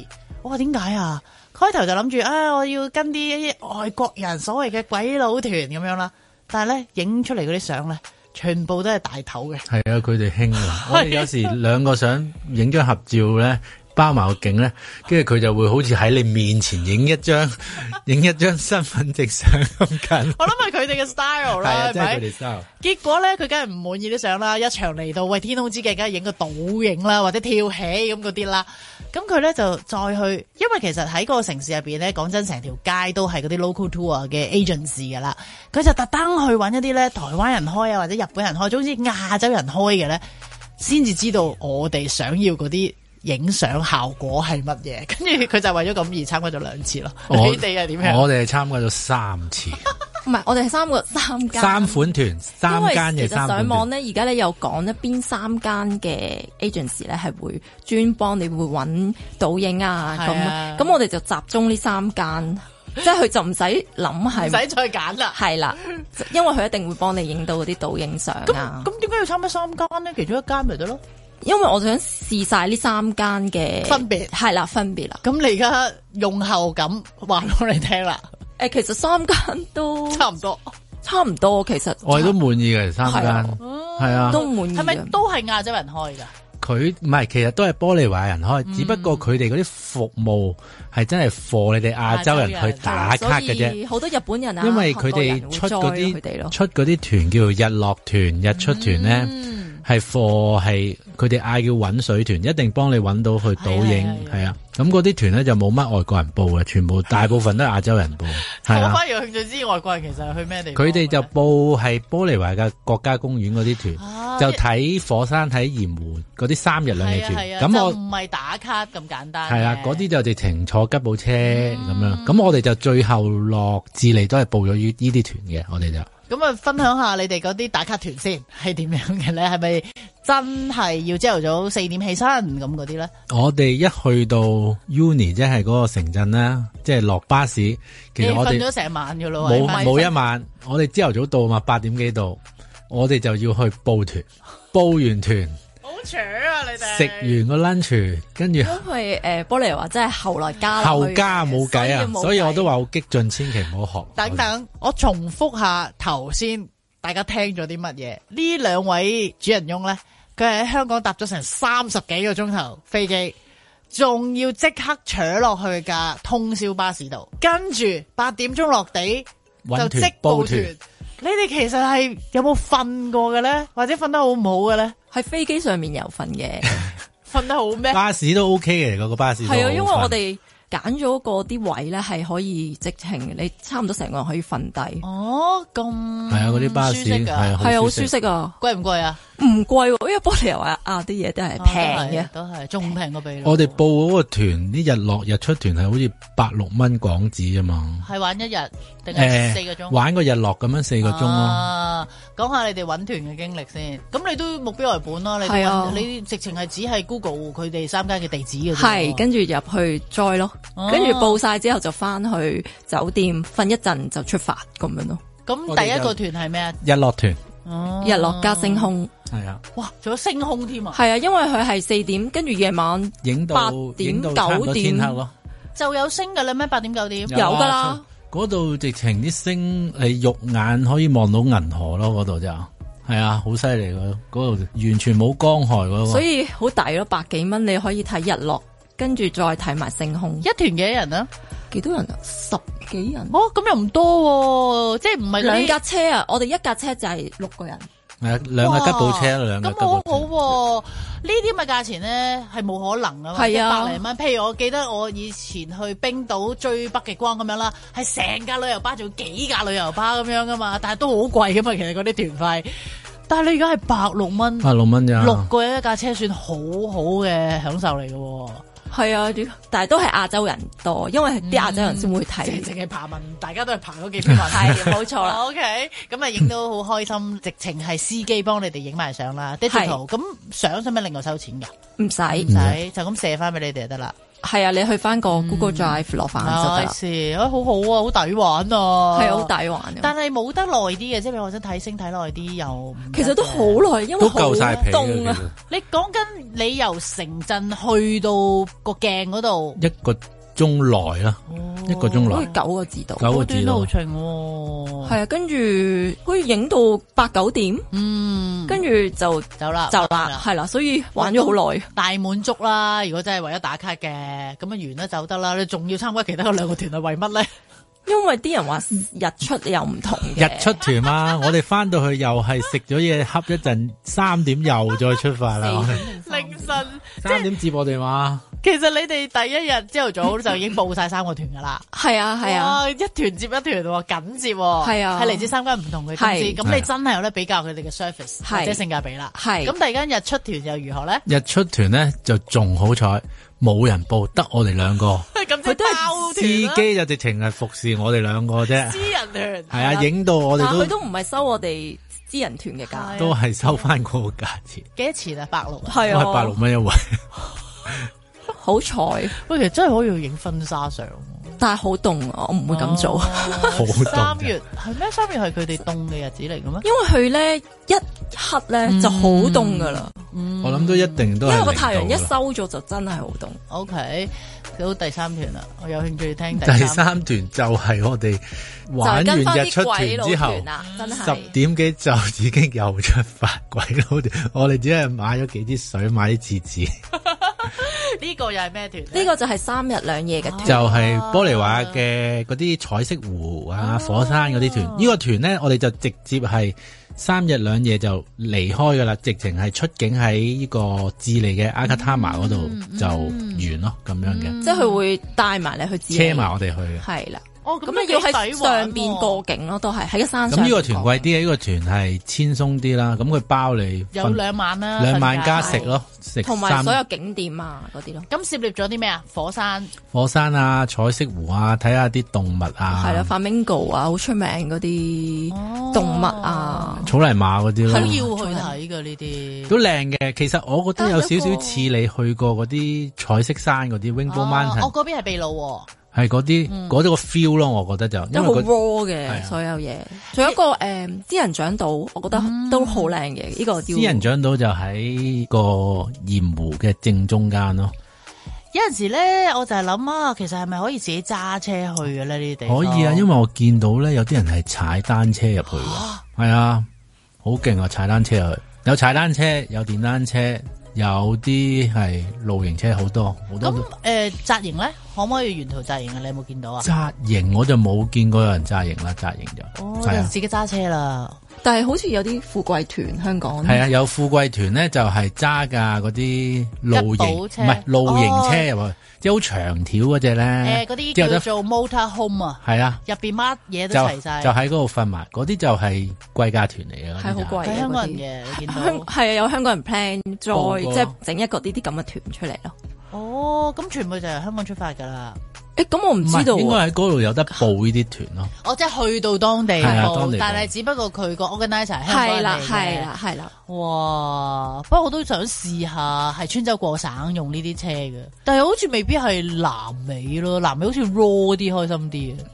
S2: 我話點解啊？開頭就諗住啊，我要跟啲一啲外國人所謂嘅鬼佬團咁樣啦，但係咧影出嚟嗰啲相咧，全部都係大頭嘅。
S4: 係啊，佢哋興㗎！我哋有時兩個相，影張合照咧。包埋個景咧，跟住佢就會好似喺你面前影一張影 一張身份證相咁近。我
S2: 諗係佢哋嘅 style 啦，係啊，即係佢哋 style。結果咧，佢梗係唔滿意啲相啦，一場嚟到，喂，天空之鏡梗係影個倒影啦，或者跳起咁嗰啲啦。咁佢咧就再去，因為其實喺個城市入邊咧，講真，成條街都係嗰啲 local tour 嘅 agents 噶啦。佢就特登去揾一啲咧台灣人開啊，或者日本人開，總之亞洲人開嘅咧，先至知道我哋想要嗰啲。影相效果係乜嘢？跟住佢就為咗咁而參加咗兩
S4: 次咯。我你哋係點樣？我哋係參加咗三次 ，
S2: 唔係我哋係三個三
S6: 間三
S4: 款團三間嘅三其實上網咧，而
S6: 家咧有講一邊三間嘅 agents 咧係會專幫你會揾倒影啊咁。咁是、啊、我哋就集中呢三間， 即係佢就唔使諗，係唔使再揀啦、啊。係啦，因為佢一定會幫你影到嗰啲倒影相。
S2: 咁點解要參加三間呢？其中一間咪得咯？因為我
S6: 想試晒呢三間嘅分別係啦，分別啦。咁你而家用後感話俾我哋聽啦。誒，其實三間都差唔多，差唔多。其實
S4: 我哋都滿意嘅三間，係啊，都滿意。係咪
S2: 都係亞洲人開噶？
S4: 佢唔係，其實都係玻利華人開，只不過佢哋嗰啲服務係真係貨你哋亞洲人去打卡嘅啫。好多
S6: 日本人啊，因為佢哋出嗰啲
S4: 出嗰啲團叫日落團、日出團咧。係貨係佢哋嗌叫揾水團，一定幫你揾到去倒影，係啊。咁嗰啲團咧就冇乜外國人報嘅，全部的大部分都係亞洲人報，係啊。 反而
S2: 我仲知外國人其實係去咩地？佢哋
S4: 就報係玻利維亞嘅國家公園嗰啲團，的就睇火山、睇鹽湖嗰啲三日兩夜團。咁我
S2: 唔係打卡咁簡單。係啊，嗰
S4: 啲就直情坐吉普車咁、嗯、樣。咁我哋就最後落智利都係報咗呢啲團嘅，我哋就。
S2: 咁啊，分享下你哋嗰啲打卡團先，係點樣嘅咧？係咪真係要朝頭早四點起身咁嗰啲咧？
S4: 我哋一去到、y、Uni，即係嗰個城鎮咧，即係落巴士。其實我哋，你瞓
S2: 咗成晚噶喇，冇冇一
S4: 晚。我哋朝頭早到嘛，八點幾度，我哋就要去報團，報完團。 食完個 lunch，跟住因
S2: 為誒，欸、玻璃話話係係後來加，
S6: 後加
S4: 冇計啊！啊所以我都話好激進，千祈唔好學。等
S2: 等，我重複下頭先大家聽咗啲乜嘢？呢兩位主人翁咧，佢係喺香港搭咗成三十幾個鐘頭飛機，仲要即刻扯落去噶通宵巴士度，跟住八點鐘落地
S4: 就即報團。
S2: 團你哋其實係有冇瞓過嘅咧，或者瞓得好唔好嘅咧？喺飛機上面遊瞓嘅，
S6: 瞓 得好
S4: 咩？巴士都 OK 嘅，嗰、嗰個巴士係啊，因為我哋
S6: 揀咗個啲位咧，係可以直情，你差唔多成個人可以瞓低。哦，咁
S4: 係啊，嗰啲巴士係啊，好舒適
S6: 啊，貴唔貴啊？唔貴，因為玻璃油啊啲嘢都係平嘅，都係
S2: 仲平俾比。
S6: 都 我
S4: 哋報嗰個團，啲日落日出團係好似八六蚊港紙啊嘛，係玩一
S2: 日定係四個鐘，欸？玩
S4: 個日落咁樣四個鐘咯，啊。啊
S2: 講下你哋搵團嘅經歷先，咁你都目標為本咯，你、啊、你直情係只係 Google 佢哋三間嘅地址嘅，係跟住入去
S6: 再囉、啊。咯，跟住報晒之後就翻去酒店瞓一陣就出發咁樣咯。
S2: 咁
S4: 第一個團係咩啊？日落團，
S2: 日落加星空係啊，哇，仲有星空添啊，
S6: 係啊，因為佢係
S2: 四點跟住夜晚
S6: 影到八點九點，睇到天黑咯，
S2: 就有星噶啦咩？八點九點
S6: 有噶、啊、啦。
S4: 嗰度直情啲星，你肉眼可以望到銀河咯，嗰度就係啊，好犀利噶，嗰度完全冇光害嗰、嗰個，所以
S6: 好抵咯，百幾蚊你可以睇日落，跟住再睇埋星空。一團幾人啊？幾多
S2: 人啊？多人啊十幾人。哦，咁又唔多，啊，即係唔係兩架車
S6: 啊？我哋一架車
S2: 就係六個人。
S4: 兩架吉普車，兩架哇吉普車咁好
S2: 好、啊、喎。呢啲咁嘅價錢咧，係冇可能啊，百零蚊。譬如我記得我以前去冰島追北極光咁樣啦，係成架旅遊巴做幾架旅遊巴咁樣噶嘛，但係都好貴噶嘛，其實嗰啲團費。但係你而家係百六蚊，百六蚊咋？六個人一架車算好好嘅享受嚟喎。係啊，但係都係亞洲人多，因為啲亞洲人先會睇，淨係、嗯、爬文，大家都係爬嗰幾篇文，係冇錯啦。Oh, OK，咁啊影到好開心，直情係司機幫你哋影埋相啦，截圖。咁相使唔使另外收錢㗎？唔使唔使，用嗯、就咁射翻俾你哋就得啦。係啊，你去翻個 Google Drive 落翻就得，嗯啊。哎是，好好啊，好抵玩啊，係好抵玩。啊、但係冇得耐啲嘅，即係譬如我想睇星睇耐啲又其，啊。其實都好耐，因為都夠晒皮啊。你講緊你由城鎮去到個鏡嗰度
S4: 一個鐘內啦，來哦、一個鐘內，好似九個字度，九個字度
S2: 程係啊，跟住可以影、哦、到八九點，嗯，跟住就走啦了，就啦，係啦了，所以玩咗好耐，大滿足啦。如果真係為咗打卡嘅，咁樣完啦就得啦，你仲要參加其他兩個團係為乜咧？ 因為啲人話日出又唔同
S6: 嘅，日
S4: 出團啊！我哋翻到去又係食咗嘢，恰一陣三點又再出發啦。
S2: 凌晨
S4: 三點接我哋話，
S2: 啊？其實你哋第一日朝頭早就已經報晒三個團噶啦。係啊係啊，一團接一團喎，緊接喎，係啊，係嚟、啊啊、自三間唔同嘅公司。咁是你真係有得比較佢哋嘅 service 或者性價比啦。係咁是，第二間日出團又如何咧？
S4: 日出團咧就仲好彩。冇人報，得我哋兩個，佢
S2: 都係
S6: 司機
S4: 就直情係服侍我哋兩個啫。私
S6: 人團係啊，影到我哋都，但佢都唔係收我哋私人團嘅價，都係
S4: 收翻嗰個價錢。
S6: 幾多錢啊？百六係啊，百六
S4: 蚊一位。
S2: 好彩，喂，其實真係可以去影婚紗相，但係好凍啊，我唔會咁做。三月係咩？三月係佢哋凍嘅日子嚟嘅咩？
S6: 因為佢咧一刻咧就好凍噶啦。
S4: 嗯、我諗都一定都係，因為個太陽一收
S2: 咗就真係好凍。Okay，到第三團啦，我有興趣聽第三
S4: 團就係我哋玩完日出團之後，十點幾就已經又出發鬼佬地，我哋只係買咗幾支水，買啲廁紙。
S6: 呢 個又係咩團呢？呢個就係三日兩夜嘅團，啊、就係玻利
S4: 瓦嘅嗰啲彩色湖啊、啊火山嗰啲團。呢、啊、個團呢，我哋就直接係三日兩夜就離開噶啦，直情係出境喺呢個智利嘅阿卡塔馬嗰度就完咯，咁樣
S6: 嘅。嗯、即係佢會帶埋你去，車埋我哋去。係啦。哦，咁你要喺上邊過境咯，都係喺個山。咁呢個團貴
S4: 啲，呢個團係輕鬆啲啦。咁佢包你有兩晚啦，兩晚加食咯，食同埋所有
S2: 景點啊嗰啲咯。咁涉獵咗啲咩啊？火山、
S4: 火山啊，彩色湖啊，睇下啲動物啊，係
S6: 啊，flamingo 啊，好出名嗰啲動物啊，
S4: 草泥馬嗰啲咯，都要
S2: 去睇㗎，呢啲
S4: 都靚嘅。其實我覺得有少少似你去過嗰啲彩色山嗰啲。Wingful Mountain，我嗰邊係秘魯。係嗰啲嗰啲個 feel 咯，嗯、我覺得就因為佢 raw
S6: 嘅所有嘢，仲有一個誒，啲、欸呃、人長島，
S2: 我覺得都好靚嘅。呢、嗯、個
S6: 啲人
S4: 長島就喺個鹽湖嘅正中間咯。有
S2: 陣時咧，我就係諗啊，其實係咪可以自己揸車去嘅呢？呢啲地方可以啊，因為
S4: 我見到咧有啲人係踩單車入去嘅，係蛤啊，好勁啊！踩單車入去，有踩單車，有電單車，有啲係露營車，好多好多。誒、
S2: 呃，扎營咧？可唔可以沿途紮營啊？你有冇見到啊？紮
S4: 營我就冇見過有人紮營啦，扎營就有人自
S2: 己揸車啦。但係
S6: 好似有啲富貴團香港。係啊，
S4: 有富貴團咧就係揸㗎嗰啲露營唔係露營車入去，即係好長條嗰隻咧。誒，嗰啲叫做
S2: Motor Home 啊。係啊，入邊乜嘢都
S6: 齊晒。就
S4: 喺嗰度瞓埋，嗰啲就係貴價團嚟嘅。係好貴
S6: 嘅香港人嘅，見到？係啊，有香港人 plan 再即係整一個呢啲咁
S4: 嘅團出嚟咯。
S2: 哦，咁全部就係香港出發噶啦？
S4: 誒、欸，咁我唔知道，應該喺嗰度有得報呢啲團咯。
S2: 我、啊啊哦、即係去到當地,、啊、當地但係只不過佢個 organizer 係、啊、香港嚟嘅。係啦，係啦、啊，係啦、啊。哇！不過我都想試下係穿州過省用呢啲車嘅，但係好似未必係南美咯，南美好似 raw 啲，開心啲啊！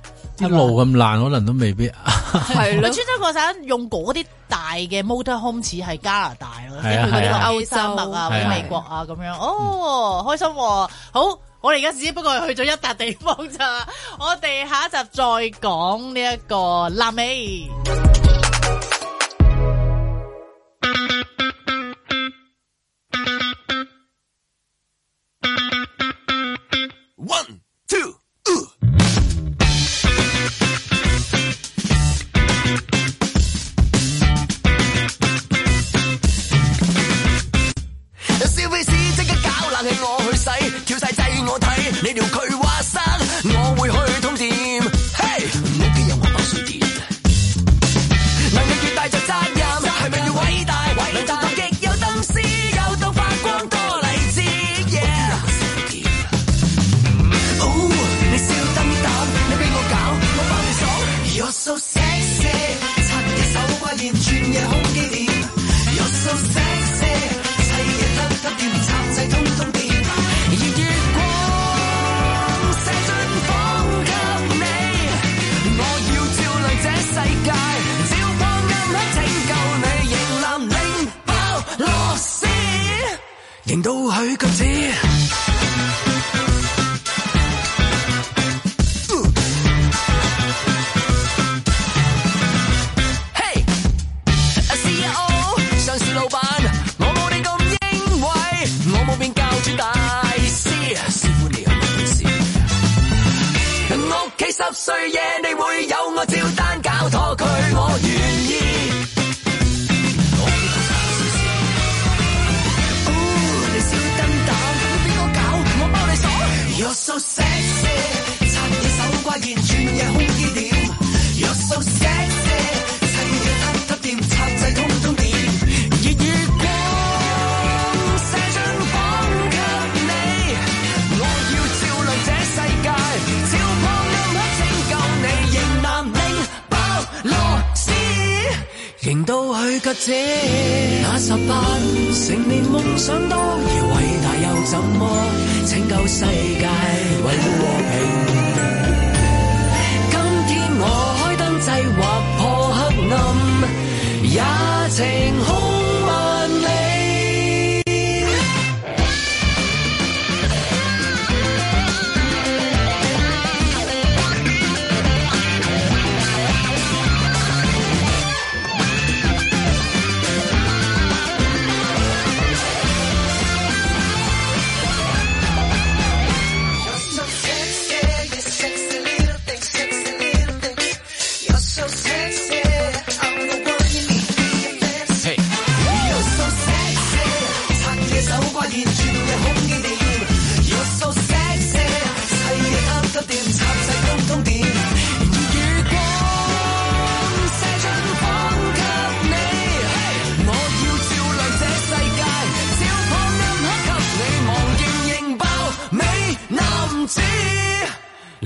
S4: 一路咁爛，可能都未必。係
S2: 啦的，穿州過省，用嗰啲大嘅 motorhome 似係加拿大
S1: 咯，
S4: 即係嗰啲歐洲啊、的或者美
S2: 國啊咁的樣。的哦，的開心、哦。好，我哋而家只不過去咗一笪地方咋，我哋下一集再講呢一個南美。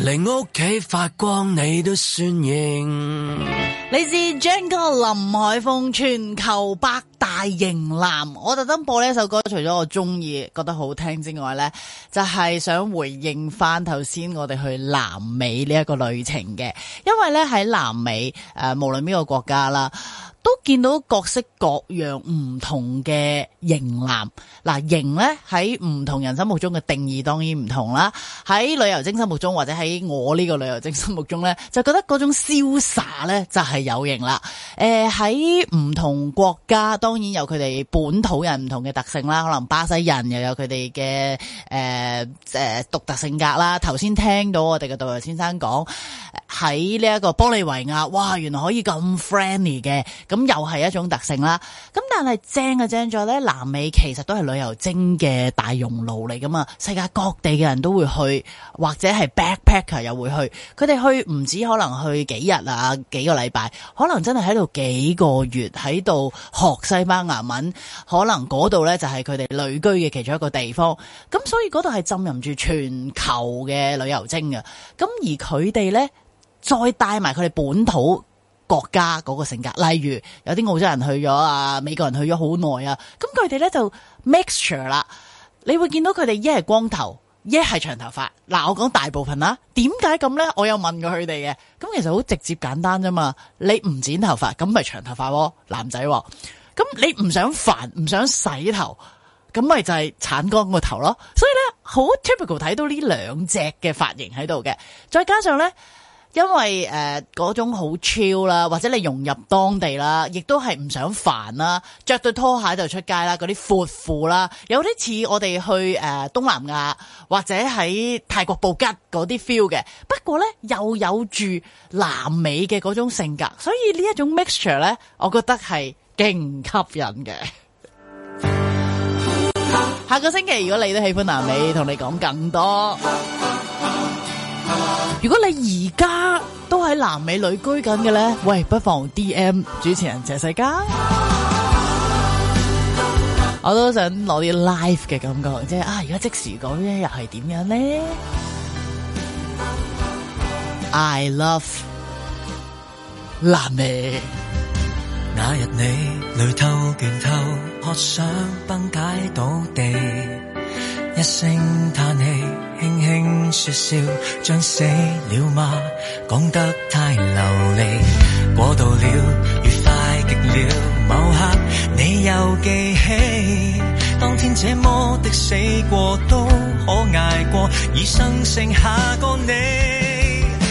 S3: 嚟屋企
S1: 發光，你都算型。你自
S2: Jango 林海峰全球百大型男，我特登播呢首歌，除咗我中意覺得好聽之外呢就係、是、想回應翻頭先我哋去南美呢一個旅程嘅，因為呢喺南美誒，無論邊個國家啦。都見到各式各樣唔同嘅型男，嗱，型咧喺唔同人心目中嘅定義當然唔同啦。喺旅遊精心目中，或者喺我呢個旅遊精心目中咧，就覺得嗰種瀟灑咧就係有型啦。誒、呃，喺唔同國家，當然有佢哋本土人唔同嘅特性啦。可能巴西人又有佢哋嘅誒誒獨特性格啦。頭先聽到我哋嘅導遊先生講喺呢一個玻利維亞，哇，原來可以咁 friendly 嘅。咁又係一種特性啦，咁但係正就正咗咧，南美其實都係旅遊精嘅大熔爐嚟噶嘛，世界各地嘅人都會去，或者係 backpacker 又會去，佢哋去唔止可能去幾日啊，幾個禮拜，可能真係喺度幾個月喺度學西班牙文，可能嗰度咧就係佢哋旅居嘅其中一個地方，咁所以嗰度係浸淫住全球嘅旅遊精嘅，咁而佢哋咧再帶埋佢哋本土。國家嗰個性格，例如有啲澳洲人去咗啊，美國人去咗好耐啊，咁佢哋呢就 mixture 啦。你會見到佢哋一係光頭，一係長頭髮。嗱，我講大部分啦，點解咁呢？我有問過佢哋嘅，咁其實好直接簡單啫嘛。你唔剪頭髮，咁咪長頭髮喎，男仔。咁你唔想煩，唔想洗頭，咁咪就係鏟光個頭咯。所以呢，好 typical 睇到呢兩隻嘅髮型喺度嘅，再加上呢。因為誒嗰、呃、種好 chill 啦，或者你融入當地啦，亦都係唔想煩啦，着對拖鞋就出街啦，嗰啲闊褲啦，有啲似我哋去誒、呃、東南亞或者喺泰國布吉嗰啲 feel 嘅。不過呢，又有住南美嘅嗰種性格，所以呢一種 mixture 呢，我覺得係勁吸引嘅。 下個星期如果你都喜歡南美，同你講更多。如果你而家都喺南美旅居緊嘅咧，喂，不妨 DM 主持人謝世嘉，我都想攞啲 live 嘅感覺，即係啊，而家即時講一日係點樣呢 I love 南美。
S1: 那日你累透倦透，喝想崩解倒地，一聲嘆氣。輕輕說笑，將死了嗎？講得太流利，過度了，愉快極了。某刻你又記起，當天這麼的死過，都可挨過，已生剩下個你。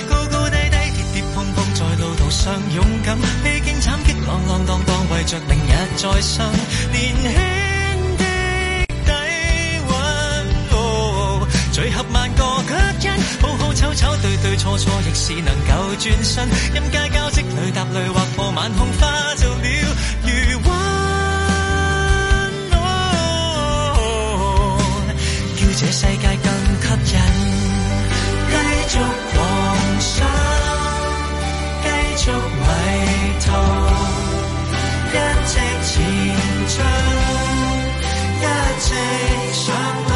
S1: 高高低低，跌跌碰碰，在路途上勇敢，歷經慘劇，浪浪蕩蕩，為着明日再生，年輕。聚合萬個腳印，好好醜醜對對錯錯，亦是能夠轉身。音階交織裏搭淚劃過晚空，化作了餘溫。哦，叫這世界更吸引，繼續狂想，繼續迷途，一直前進，一直想。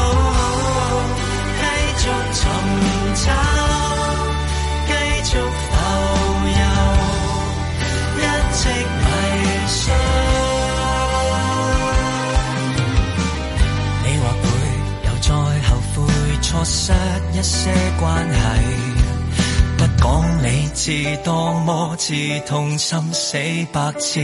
S1: 過失一些關係，不講理智多麼刺痛，自自心死百次，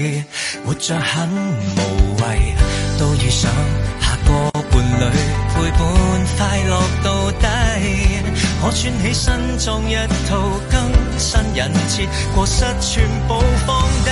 S1: 活着很無謂。都遇上下個伴侶，陪伴快樂到底。我穿起新裝一套，更新人設，過失全部放低。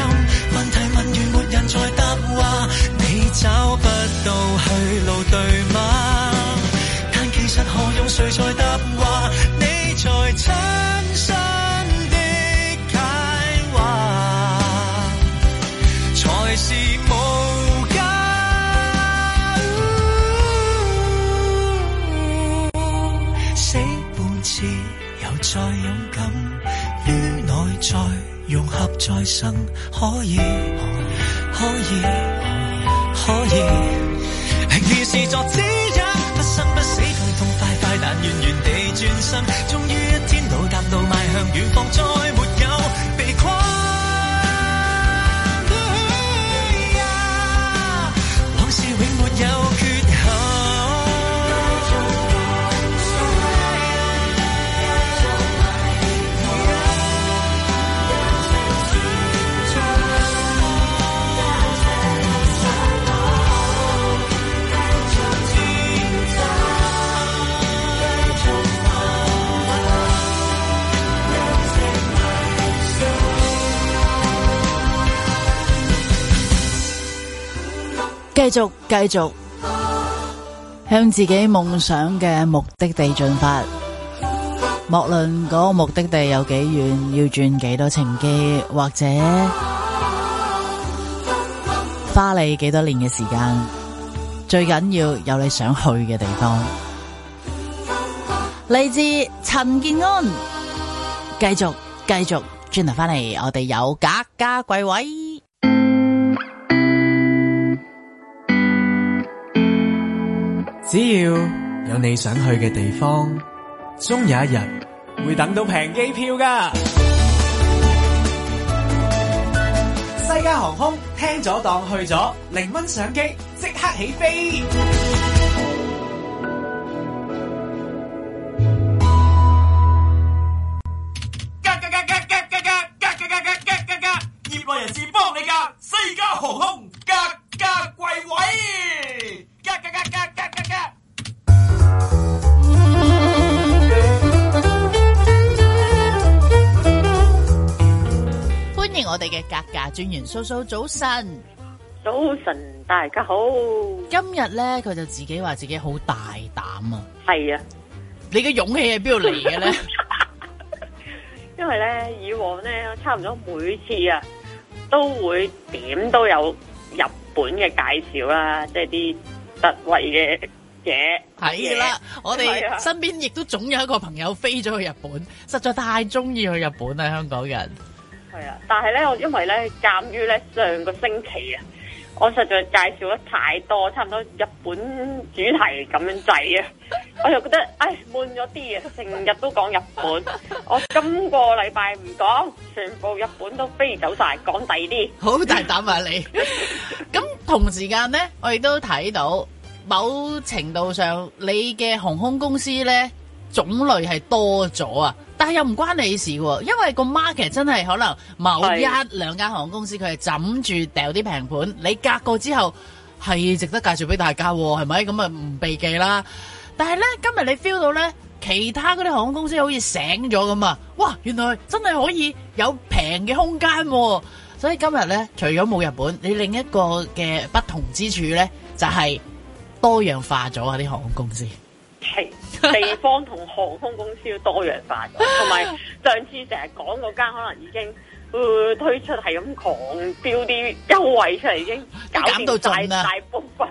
S1: 問題問完沒人再答話，你找不到去路對嗎？但其實何用誰在答話，你在。融合再生，可以，可以，可以。平願是作指引，不生不死，痛痛快快，但願願地轉身。終於一天到達到邁向遠方，再沒有被困。
S2: 繼續繼續向自己夢想嘅目的地進發，莫論嗰個目的地有幾遠，要轉幾多程機，或者花你幾多年嘅時間，最緊要有你想去嘅地方。嚟自陳健安，繼續繼續轉頭翻嚟我哋有格家貴位。
S4: 只要有你想去嘅地方，終有一日會等到平機票噶。西加航空聽咗檔去咗，零蚊上機即刻
S1: 起飛。嘎嘎二位人士幫你噶，西加航空嘎格貴位。
S2: 我哋嘅格價專員蘇蘇，早晨，早晨，大家好。今日咧，佢就自己話自己好大
S5: 膽啊。係啊，你嘅勇氣喺邊度嚟嘅咧？因為咧，以往咧，差唔多每次啊，都會點都有日本嘅介紹啦，即係啲特惠嘅嘢係啦。我哋身
S2: 邊亦都總有一個朋友飛咗去日本，實在太鍾意去日本啦，香港人。
S5: 係啊，但係咧，我因為咧，鑑於咧上個星期啊，我實在介紹咗太多，差唔多日本主題咁樣仔啊，我又覺得唉，悶咗啲啊，成日都講日本，我今個禮拜唔講，全部日本都飛走晒，講第啲，
S2: 好大膽啊你！咁 同時間咧，我亦都睇到，某程度上你嘅航空公司咧。種類係多咗啊！但係又唔關你事喎，因為個 market 真係可能某一是兩間航空公司佢係枕住掉啲平盤，你隔過之後係值得介紹俾大家喎，係咪？咁啊唔避忌啦。但係呢，今日你 feel 到呢，其他嗰啲航空公司好似醒咗咁啊！哇，原來真係可以有平嘅空間，啊，所以今日呢，除咗冇日本，你另一個嘅不同之處呢，就係、是、多樣化咗啊！啲航空公司
S5: 係。地方同航空公司要多元化同埋 上次成日講嗰間可能已經、呃、推出係咁狂標啲優惠出嚟，已經減到盡啦，大部分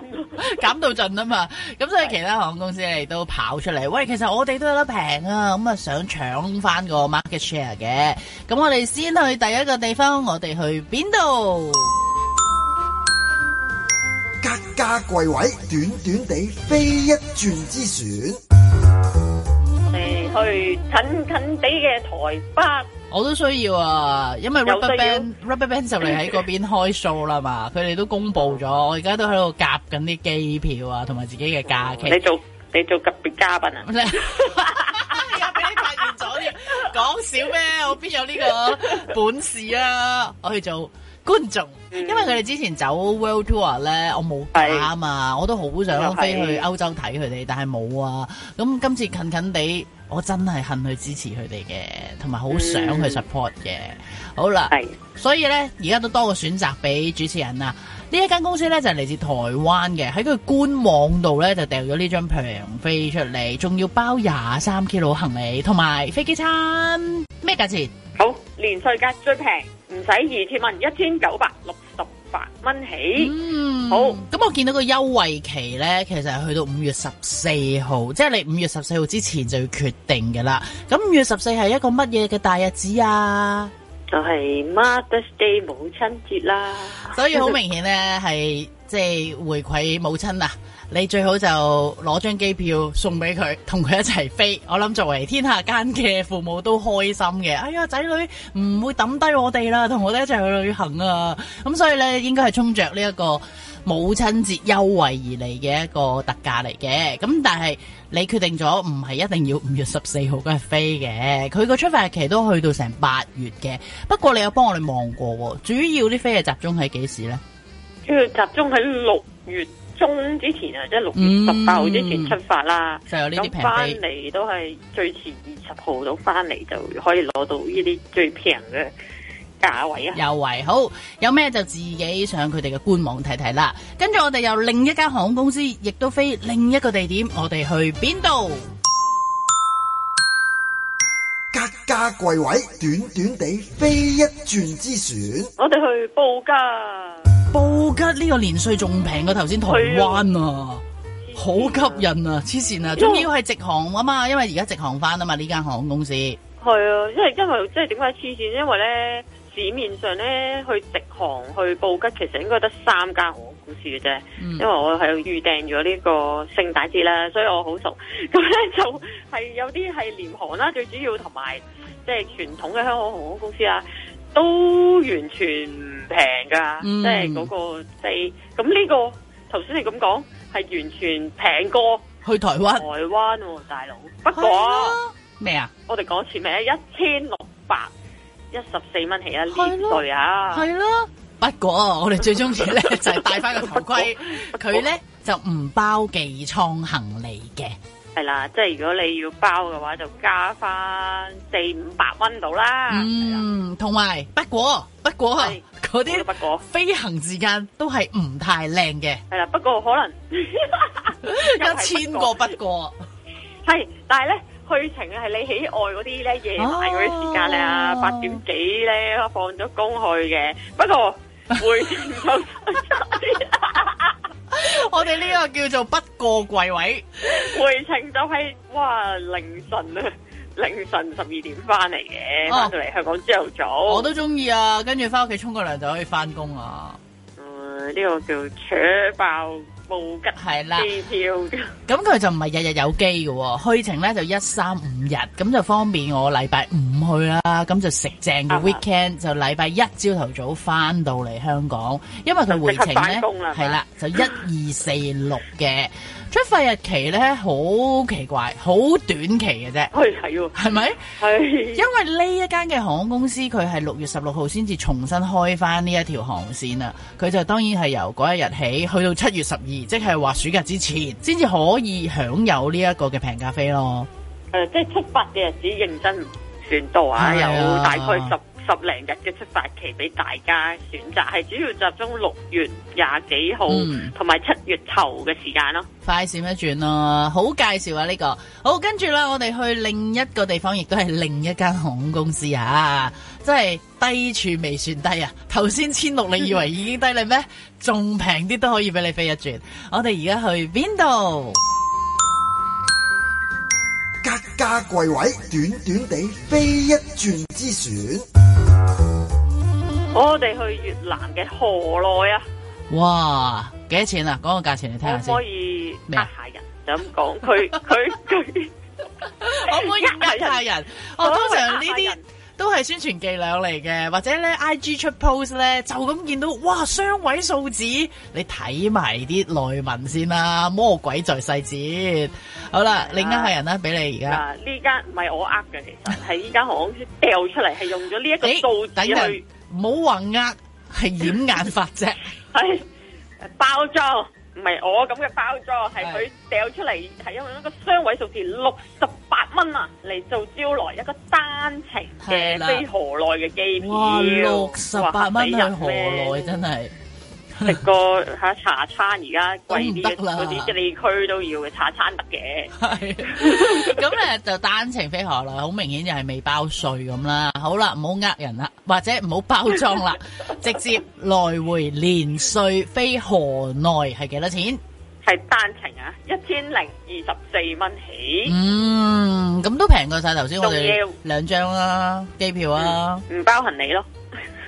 S2: 減到盡啦嘛。咁 所以其他航空公司嚟都跑出嚟，的喂，其實我哋都有得平啊，咁啊想搶翻個 market share 嘅。咁我哋先去第一個地方，我哋去邊度？
S5: 格價櫃位，短短地飛一轉之選。去近近地嘅台北，
S2: 我都需要啊！因為 Rubberband Rubberband 就嚟喺嗰邊開 show 啦嘛，佢哋都公布咗，我而家都喺度夾緊啲機票啊，同埋自己嘅假期。你做你做特別嘉賓啊？我俾你排完咗，講少咩？我邊有呢個本事啊？我去做觀眾，因為佢哋之前走 World Tour 咧，我冇膽啊嘛！我都好想飛去歐洲睇佢哋，但係冇啊！咁今次近近地。我真係恨去支持佢哋嘅，同埋好想去 support 嘅。好啦，所以呢，而家都多個選擇俾主持人啦。呢一間公司呢，就係嚟自台灣嘅，喺佢官網度呢，就掉咗呢張平飛出嚟，仲要包廿三 kilogram 行李同埋
S5: 飛機餐。咩價錢？好，年稅價最平，唔使二千蚊，一千九百六十。百蚊起，
S2: 嗯、好。咁我見到個優惠期咧，其實係去到五月十四號，即係你五月十四號之前就要決定㗎啦。咁五月十四係一個乜嘢嘅大日子啊？就係 Mother’s
S5: Day 母親節啦。所以好明
S2: 顯咧，係即係回饋母親啊。你最好就攞張機票送俾佢，同佢一齊飛。我諗作為天下間嘅父母都開心嘅。哎呀，仔女唔會抌低我哋啦，同我哋一齊去旅行啊！咁所以呢，應該係衝着呢一個母親節優惠而嚟嘅一個特價嚟嘅。咁但係你決定咗唔係一定要五月十四號嗰日飛嘅，佢個出發日期都去到成八月嘅。不過你有幫我哋望過，主要啲飛係集中喺幾時呢？主
S5: 要集中喺六月。中午之前啊，即係六月十八號之前出發啦，就咁翻嚟，都係最遲二十號到翻嚟就可以攞到呢啲最平嘅價位啊。
S2: 有位好，有咩就自己上佢哋嘅官網睇睇啦。跟住我哋由另一間航空公司亦都飛另一個地點，我哋去邊度？
S5: 格價櫃位，短短地飛一轉之
S2: 船，我哋去報價。布吉，呢個年稅仲平過頭先台灣啊，啊好吸引啊，黐線啊！仲要係直航啊嘛，因為而家直航翻啊嘛，呢間航空公司。
S5: 係啊，因為因為即係點解黐線？因為咧市面上咧去直航去布吉，其實應該得三間航空公司嘅啫。嗯、因為我係預訂咗呢個聖誕節啦，所以我好熟。咁咧就係有啲係廉航啦，最主要同埋即係傳統嘅香港航空公司啊。都完全唔平噶，嗯、即係嗰、那個四。咁呢、這個頭先你咁講，係完全平過去台灣。台灣、啊、大佬，不過咩啊？我哋講錢未啊？一千六百一十四蚊起啊，年對啊，係
S2: 咯。不過我哋最中意咧就係戴翻個頭盔，
S5: 佢咧
S2: 就唔包寄倉行李嘅。
S5: 係啦，即係如果你要包嘅話，就加翻四五百蚊度啦。
S2: 嗯，同埋不過不過，嗰啲不過的飛行時間都係唔太靚嘅。係啦，不過，不過可能
S5: 過一千個不過係， 但係咧去程係你喜愛嗰啲咧夜晚嗰啲時間呢，八、啊、點幾咧放咗工去嘅。不過。回程我哋呢個叫做不過櫃位。 回程就係哇凌晨啊，凌晨十二點翻嚟嘅，翻到嚟香港朝頭早。我都
S2: 中意啊，跟住翻屋企沖個涼就可以翻工啦。嗯，呢、
S5: 呢個叫扯爆。布吉係啦，機票
S2: 咁佢就唔係日日有機嘅，去程咧就一三五日，咁就方便我禮拜五去啦，咁就食正嘅 weekend，就禮拜一朝頭早翻到嚟香港，因為佢回程咧係啦，就一二四六嘅。出發日期咧好奇怪，好短期嘅啫，可以睇喎，係咪？係吧，的因為呢一間嘅航空公司佢係六月十六號先至重新開翻呢一條航線啦，佢就當然係由嗰一日起去到七月十二，即係話暑假之前，先至可以享有呢一個嘅平價票
S5: 咯。呃、即係出發嘅日子認真唔算到啊，哎、呀有大概十。十零日嘅出發期俾大家選擇，係主要集中六月廿幾號同埋七月頭嘅時間咯。嗯、
S2: 快閃一轉咯、啊，好介紹啊呢、這個。好，跟住啦，我哋去另一個地方，亦都係另一間航空公司啊，真係低處未算低啊！頭先千六，你以為已經低了咩？仲平啲都可以俾你飛一轉。我哋而家去邊度？
S5: 格價貴位，短短地飛一轉之選。我哋去越南嘅河內啊！
S2: 哇，幾多錢啊？講個價錢你聽下先。我可
S5: 以壓下人，咩？就咁講佢佢佢，我可以
S2: 壓下人。我通常呢啲。都係宣傳伎倆嚟嘅，或者咧 I G 出 post 咧就咁見到，哇，雙位數字，你睇埋啲內文先啦，啊，魔鬼在細節。嗯、好啦，另啱係人啦，俾你而、啊、家
S5: 呢間唔係我呃嘅，其實係呢間行好似掉出嚟係用咗呢一個數字去，唔好話呃，係掩眼法啫，係包裝唔係我咁嘅包裝，係佢掉出嚟係因為一個雙位數字六十蚊啊，嚟做招來一個單程嘅飛河內嘅機票，六十八蚊去河內真係食過吓茶餐，而家貴啲啦，嗰啲地區都要嘅茶餐得嘅，係咁咧就單程飛
S2: 河內，好明顯就係未包稅咁啦。好啦，唔好呃人啦，或者唔好包裝啦， 直接來回連稅飛河內係幾多錢？
S5: 係單程啊，一千零二
S2: 十四蚊起。嗯，咁都平過晒頭先。我哋兩張啦，機票啊，唔
S5: 包行李
S2: 咯。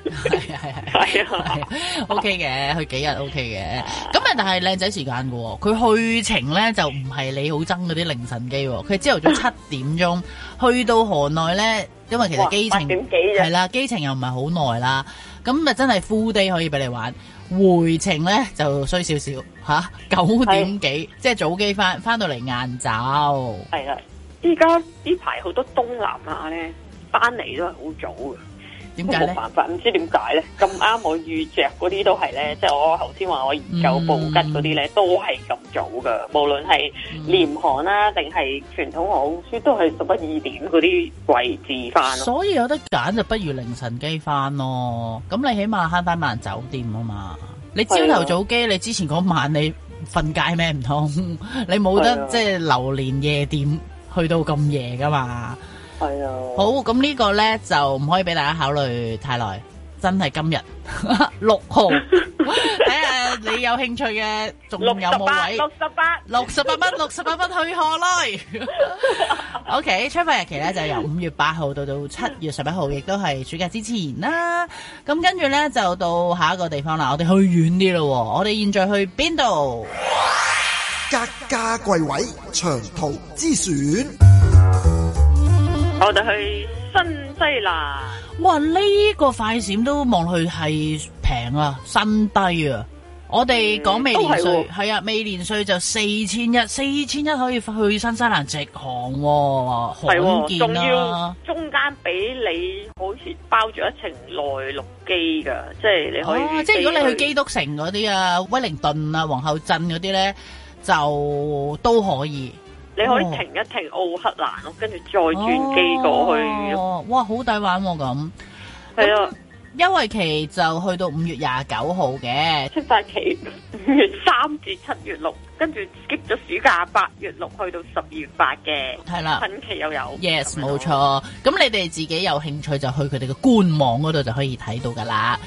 S2: 係係係，係啊，OK 嘅，去幾日 OK 嘅。咁啊， 但係靚仔時間嘅，佢去程咧就唔係你好憎嗰啲凌晨機，佢朝頭早七點鐘去到河內咧，因為其實機程係啦，機程又唔係好耐啦。咁啊，真係 full day 可以俾你玩。回程咧就衰少少。吓，九點幾，的即係早機翻翻到嚟晏晝。
S5: 係啦，依家呢排好多東南亞咧，翻嚟都係好早嘅。點解？冇辦法？唔知點解咧？咁啱我遇着嗰啲都係咧，即係我頭先話我研究布吉嗰啲咧，都係咁早噶。無論係廉航啦，定係傳統航空公司，都係十一二點嗰啲位置翻。所
S2: 以有得揀就不如凌晨機翻咯。咁你起碼慳翻晚酒店啊嘛。你朝頭早機，是的 你之前嗰晚你瞓街咩唔通？你冇得是的 即係流連夜店去到咁夜噶嘛？係啊。好，咁呢個咧就唔可以俾大家考慮太耐。真係今呵呵6日六號，睇下、 哎、你有興趣嘅仲有冇位？六十八，六十八蚊，六十八蚊去荷拉 o k 出發日期咧就由五月八號到到七月十一號，亦都係暑假之前啦。咁跟住咧就到下一個地方啦。我哋去遠啲咯，我哋現在去邊度？格價貴位，長途之選，
S5: 我哋去新西蘭。
S2: 哇！呢、這個快閃都望去係平啊，新低啊！我哋講未年稅，係啊、嗯，未年稅就四千一，四千一可以去新西蘭直航喎、啊嗯，好勁啊！仲要，
S5: 中間俾你好似包住一程內陸機㗎，即係你可以、啊。即係如果你去基
S2: 督城嗰啲啊，威靈頓啊，皇后鎮嗰啲咧，就都可以。
S5: 你可以停一停奧克
S2: 蘭咯，跟住，哦，再轉機過去嘩，哦，哇，好抵玩咁。係啊了，優惠期就去到五月廿九號嘅出發期，五月
S5: 三至七月六，跟住 skip 咗暑假，八月六去到十二月八嘅。係啦了，近期又有。Yes，冇
S2: 錯。咁你哋自己有興趣就去佢哋嘅官網嗰度就可以睇到噶啦。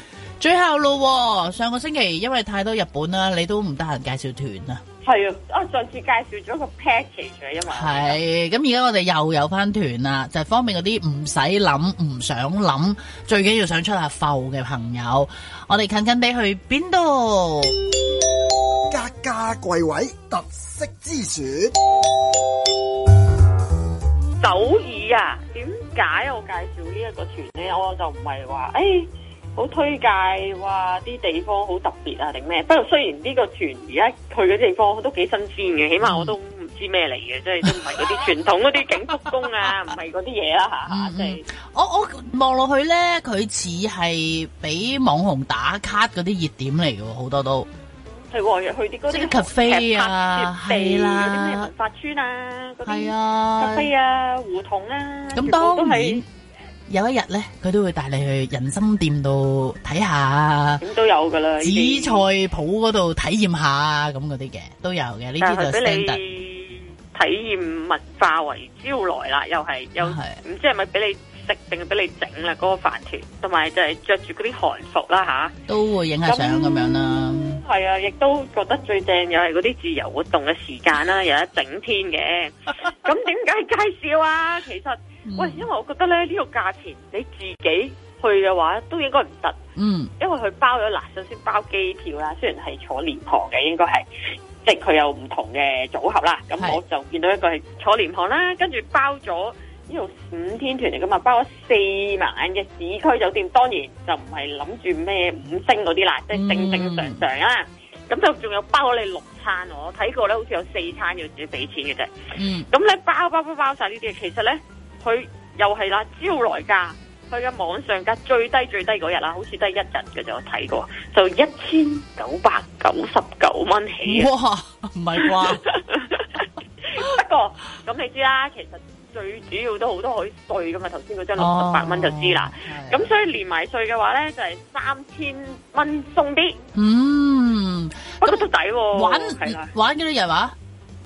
S2: 最後咯，上個星期因為太多日本啦，你都唔得閒介紹團啊。
S5: 係啊，我上次介紹咗個
S2: package 啊，因為係咁而家我哋又有翻團啦，就係方便嗰啲唔使諗、唔想諗、最緊要想出下埠嘅朋友。我哋近近哋去邊度？格價貴位
S5: 特色之選。首爾啊，點解我介紹呢一個團咧？我就唔係話誒。好推介哇！啲地方好特別啊，定咩？不過雖然呢個團而家去嘅地方都幾新鮮嘅，起碼我都唔知咩嚟嘅，即係都唔係嗰啲傳統嗰啲景福宮啊，唔係嗰啲嘢啦嚇。
S2: 即係嗯嗯、我我望落去咧，佢似係俾網紅打卡嗰啲熱點嚟嘅，好多都
S5: 係往日去啲嗰啲 cafe 啊，地啦啲咩文化村啊，嗰啲 cafe 啊，胡同啊，咁當都都係。嗯
S2: 有一日咧，佢都會帶你去人參店度睇下，咁
S5: 都有噶啦。紫菜
S2: 譜嗰度體驗下啊，咁嗰啲嘅都有
S1: 嘅。呢啲就俾你
S5: 體驗文化為招來啦，又係又唔、啊、知係咪俾你食定係俾你整啦嗰個飯團，同埋就係着住嗰啲韓服啦吓，啊、
S2: 都會影下相咁樣啦。
S5: 係啊，亦都覺得最正又係嗰啲自由活動嘅時間啦，有一整天嘅。咁點解介紹啊？其實，喂，因為我覺得咧呢個價錢你自己去嘅話都應該唔得。嗯，因為佢包咗嗱，首先包機票啦，雖然係坐廉航嘅，應該係即係佢有唔同嘅組合啦。咁我就見到一個係坐廉航啦，跟住包咗。呢度五天團嚟噶嘛，包咗四萬嘅市區酒店，當然就唔係諗住咩五星嗰啲啦，即係正正常常啊。咁、嗯、就仲有包咗你六餐，我睇過咧，好似有四餐要自己俾錢嘅啫。咁、嗯、你包包包晒呢啲嘢，其實咧佢又係啦招來價，佢嘅網上價最低最低嗰日啦，好似得一日嘅咋，我睇過就一千九百九十九蚊起。哇，唔係啩？ 不過咁你知啦，其實。最主要都好多可以稅噶嘛，頭先嗰張六十八蚊就知啦。咁的所以連埋稅嘅話咧，就係三千蚊鬆啲。嗯，咁都抵喎。玩，的玩幾多日嘛？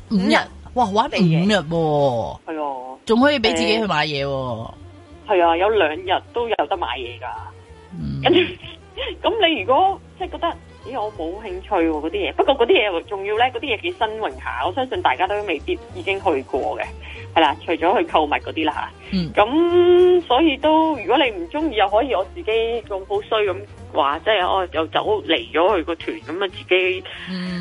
S5: 五日，哇，玩嚟
S2: 五日
S5: 喎。係啊，仲的可以俾自己去買嘢。係啊，有兩日都有得買嘢噶。跟住、嗯，咁你如果即係覺得，咦，我冇興趣嗰啲嘢。不過嗰啲嘢仲要咧，嗰啲嘢幾新穎下。我相信大家都未必已經去過嘅。係啦，除咗去購物嗰啲啦嚇，咁、嗯、所以都如果你唔鍾意，又可以我自己用好衰咁話，即係我又走離咗佢個團，咁啊自己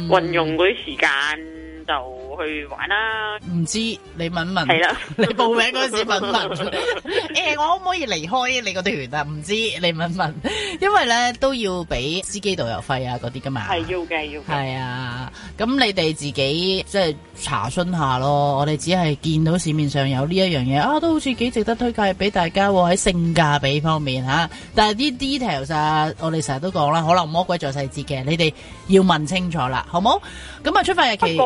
S5: 運用嗰啲時間就。去
S2: 玩啦、啊！唔知你問問，係啦的，你報名嗰陣時問問、 欸、我可唔可以離開你個團啊？唔知你問問，因為咧都要俾司機導遊費啊嗰啲噶嘛，係
S5: 要
S2: 嘅，要嘅，係啊，咁你哋自己即係查詢下咯。我哋只係見到市面上有呢一樣嘢啊，都好似幾值得推介俾大家喎。喺性價比方面、啊、但係啲 details 啊，我哋成日都講啦，可能魔鬼在細節嘅，你哋要問清楚啦，好冇？咁啊，出發日期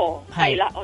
S2: 啦。啊是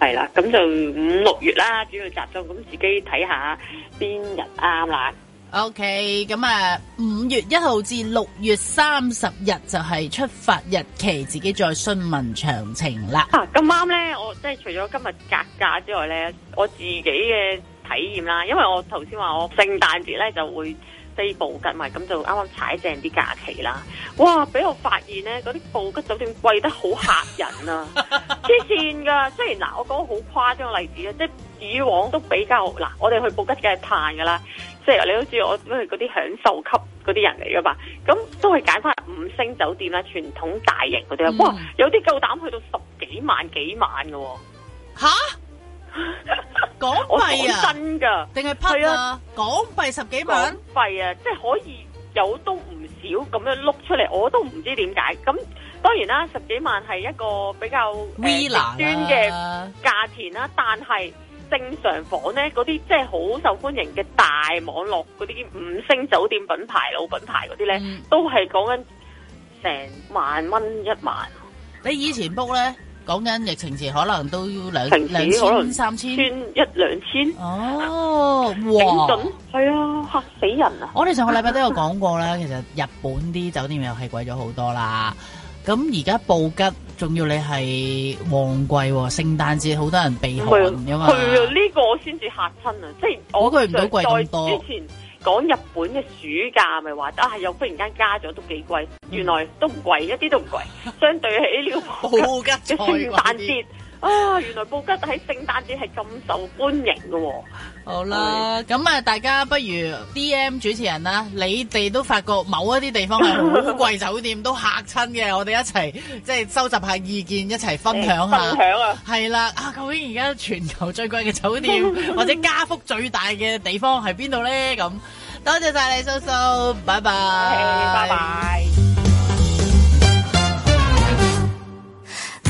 S5: 係啦，咁就五六月啦，主要集中，咁自己睇下邊日啱啦。OK，
S2: 咁啊，五月一號至六月三十日就係出發日期，自己再詢問詳情啦。啊，咁啱
S5: 呢，我即係除咗今日格價之外呢，我自己嘅體驗啦，因為我頭先話我聖誕節呢就會。飛布吉嘛，咁就啱啱踩正啲假期啦！哇，俾我發現咧，嗰啲布吉酒店貴得好嚇人啊！黐線噶，雖然嗱，我講好誇張嘅例子啊，即係以往都比較嗱，我哋去布吉梗係嘆㗎啦，即係你好似我嗰啲享受級嗰啲人嚟㗎嘛，咁都係揀翻五星酒店啦，傳統大型嗰啲啦，哇，有啲夠膽去到十幾萬幾萬㗎喎嚇！嗯港幣啊，真噶，定係批啊？港幣十幾萬，港幣啊，即係可以有都唔少咁樣碌出嚟，我都唔知點解。咁當然啦，十幾萬係一個比較極端嘅價錢啦。但係正常房咧，嗰啲即係好受歡迎嘅大網絡嗰啲五星酒店品牌、老品牌嗰啲咧，都係講緊成萬蚊一晚。
S2: 你以前 book 咧？講緊疫情前可能都要兩兩岌千、三千,三
S5: 千、
S2: 一兩千。哦，哇！
S5: 係啊，嚇死人啊！我哋上
S1: 個禮拜都有
S2: 講過啦， 其實日本啲酒店又係貴咗好多啦。咁而家布吉，仲要你係旺季、哦，聖誕節好多人避寒嘛，係啊，呢、呢個
S5: 我先至嚇親啊！即係我唔到貴咁多之前。講日本嘅暑假咪話，啊，又忽然間加咗都幾貴，原來都唔貴，一啲都唔貴，相對起呢、這個嘅聖誕節。 啊！原來布吉喺聖
S2: 誕節係咁受歡迎嘅喎、哦。好啦吧，咁啊對，大家不如 DM 主持人啦，你哋都發覺某一啲地方係好貴，酒店 都吓親嘅。我哋一齊即係收集下意見，一齊分享下。分享啊！係啦，啊，究竟而家全球最貴嘅酒店 或者加幅最大嘅地方係邊度咧？咁多謝晒你，叔叔
S1: so，拜、so, 拜，拜拜、
S5: okay,。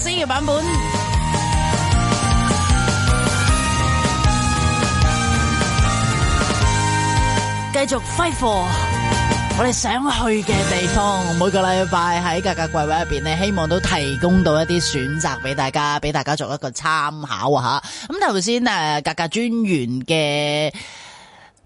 S2: 新嘅版本，繼續揮霍我哋想去嘅地方。每個禮拜喺價格櫃位入邊咧，希望都提供到一啲選擇俾大家，俾大家做一個參考啊！吓，咁頭先誒，價格專員嘅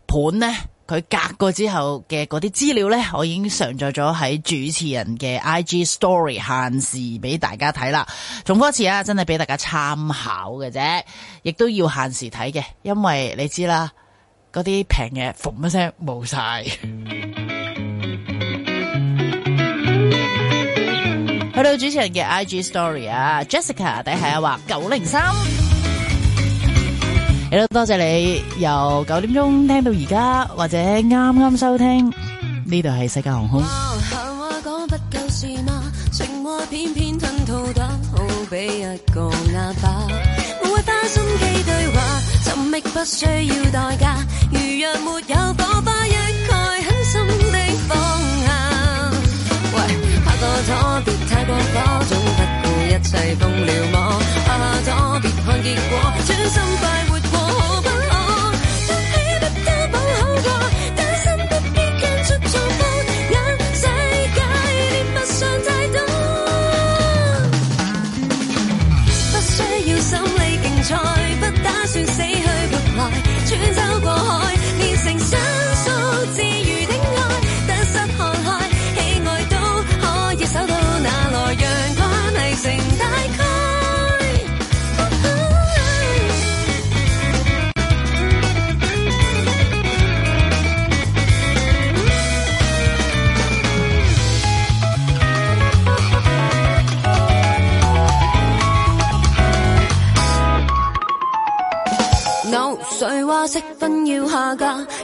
S2: 盤呢。佢隔過之後嘅嗰啲資料呢，我已經上載咗喺主持人嘅 IG Story 限時俾大家睇啦。重複一次啊，真係俾大家參考嘅啫，亦都要限時睇嘅，因為你知啦，嗰啲平嘅，嘣一聲冇晒。去到主持人嘅 IG Story 啊 ，Jessica 底下啊話九零三。多謝你由九點鐘聽到而家，
S1: 或者啱啱收聽。呢度係西加航空。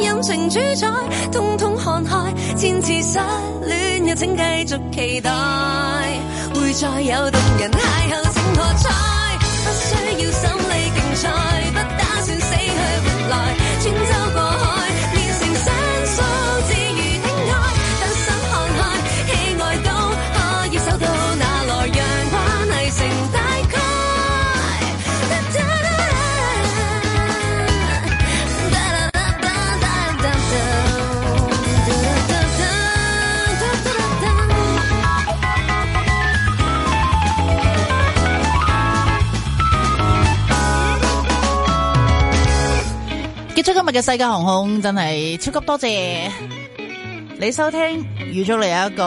S1: 任情主宰，通通看開，千次失戀也請繼續期待，會再有動人邂逅，請喝彩。不需要心理競賽，不打算死去活來，穿州過海，練成真才。
S2: 祝今日嘅世界航空，真係超級多謝你收聽，預祝你有一個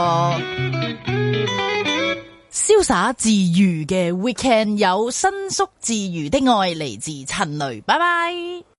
S2: 瀟灑 自如嘅 weekend，有伸縮自如的愛，嚟自陳雷，拜拜。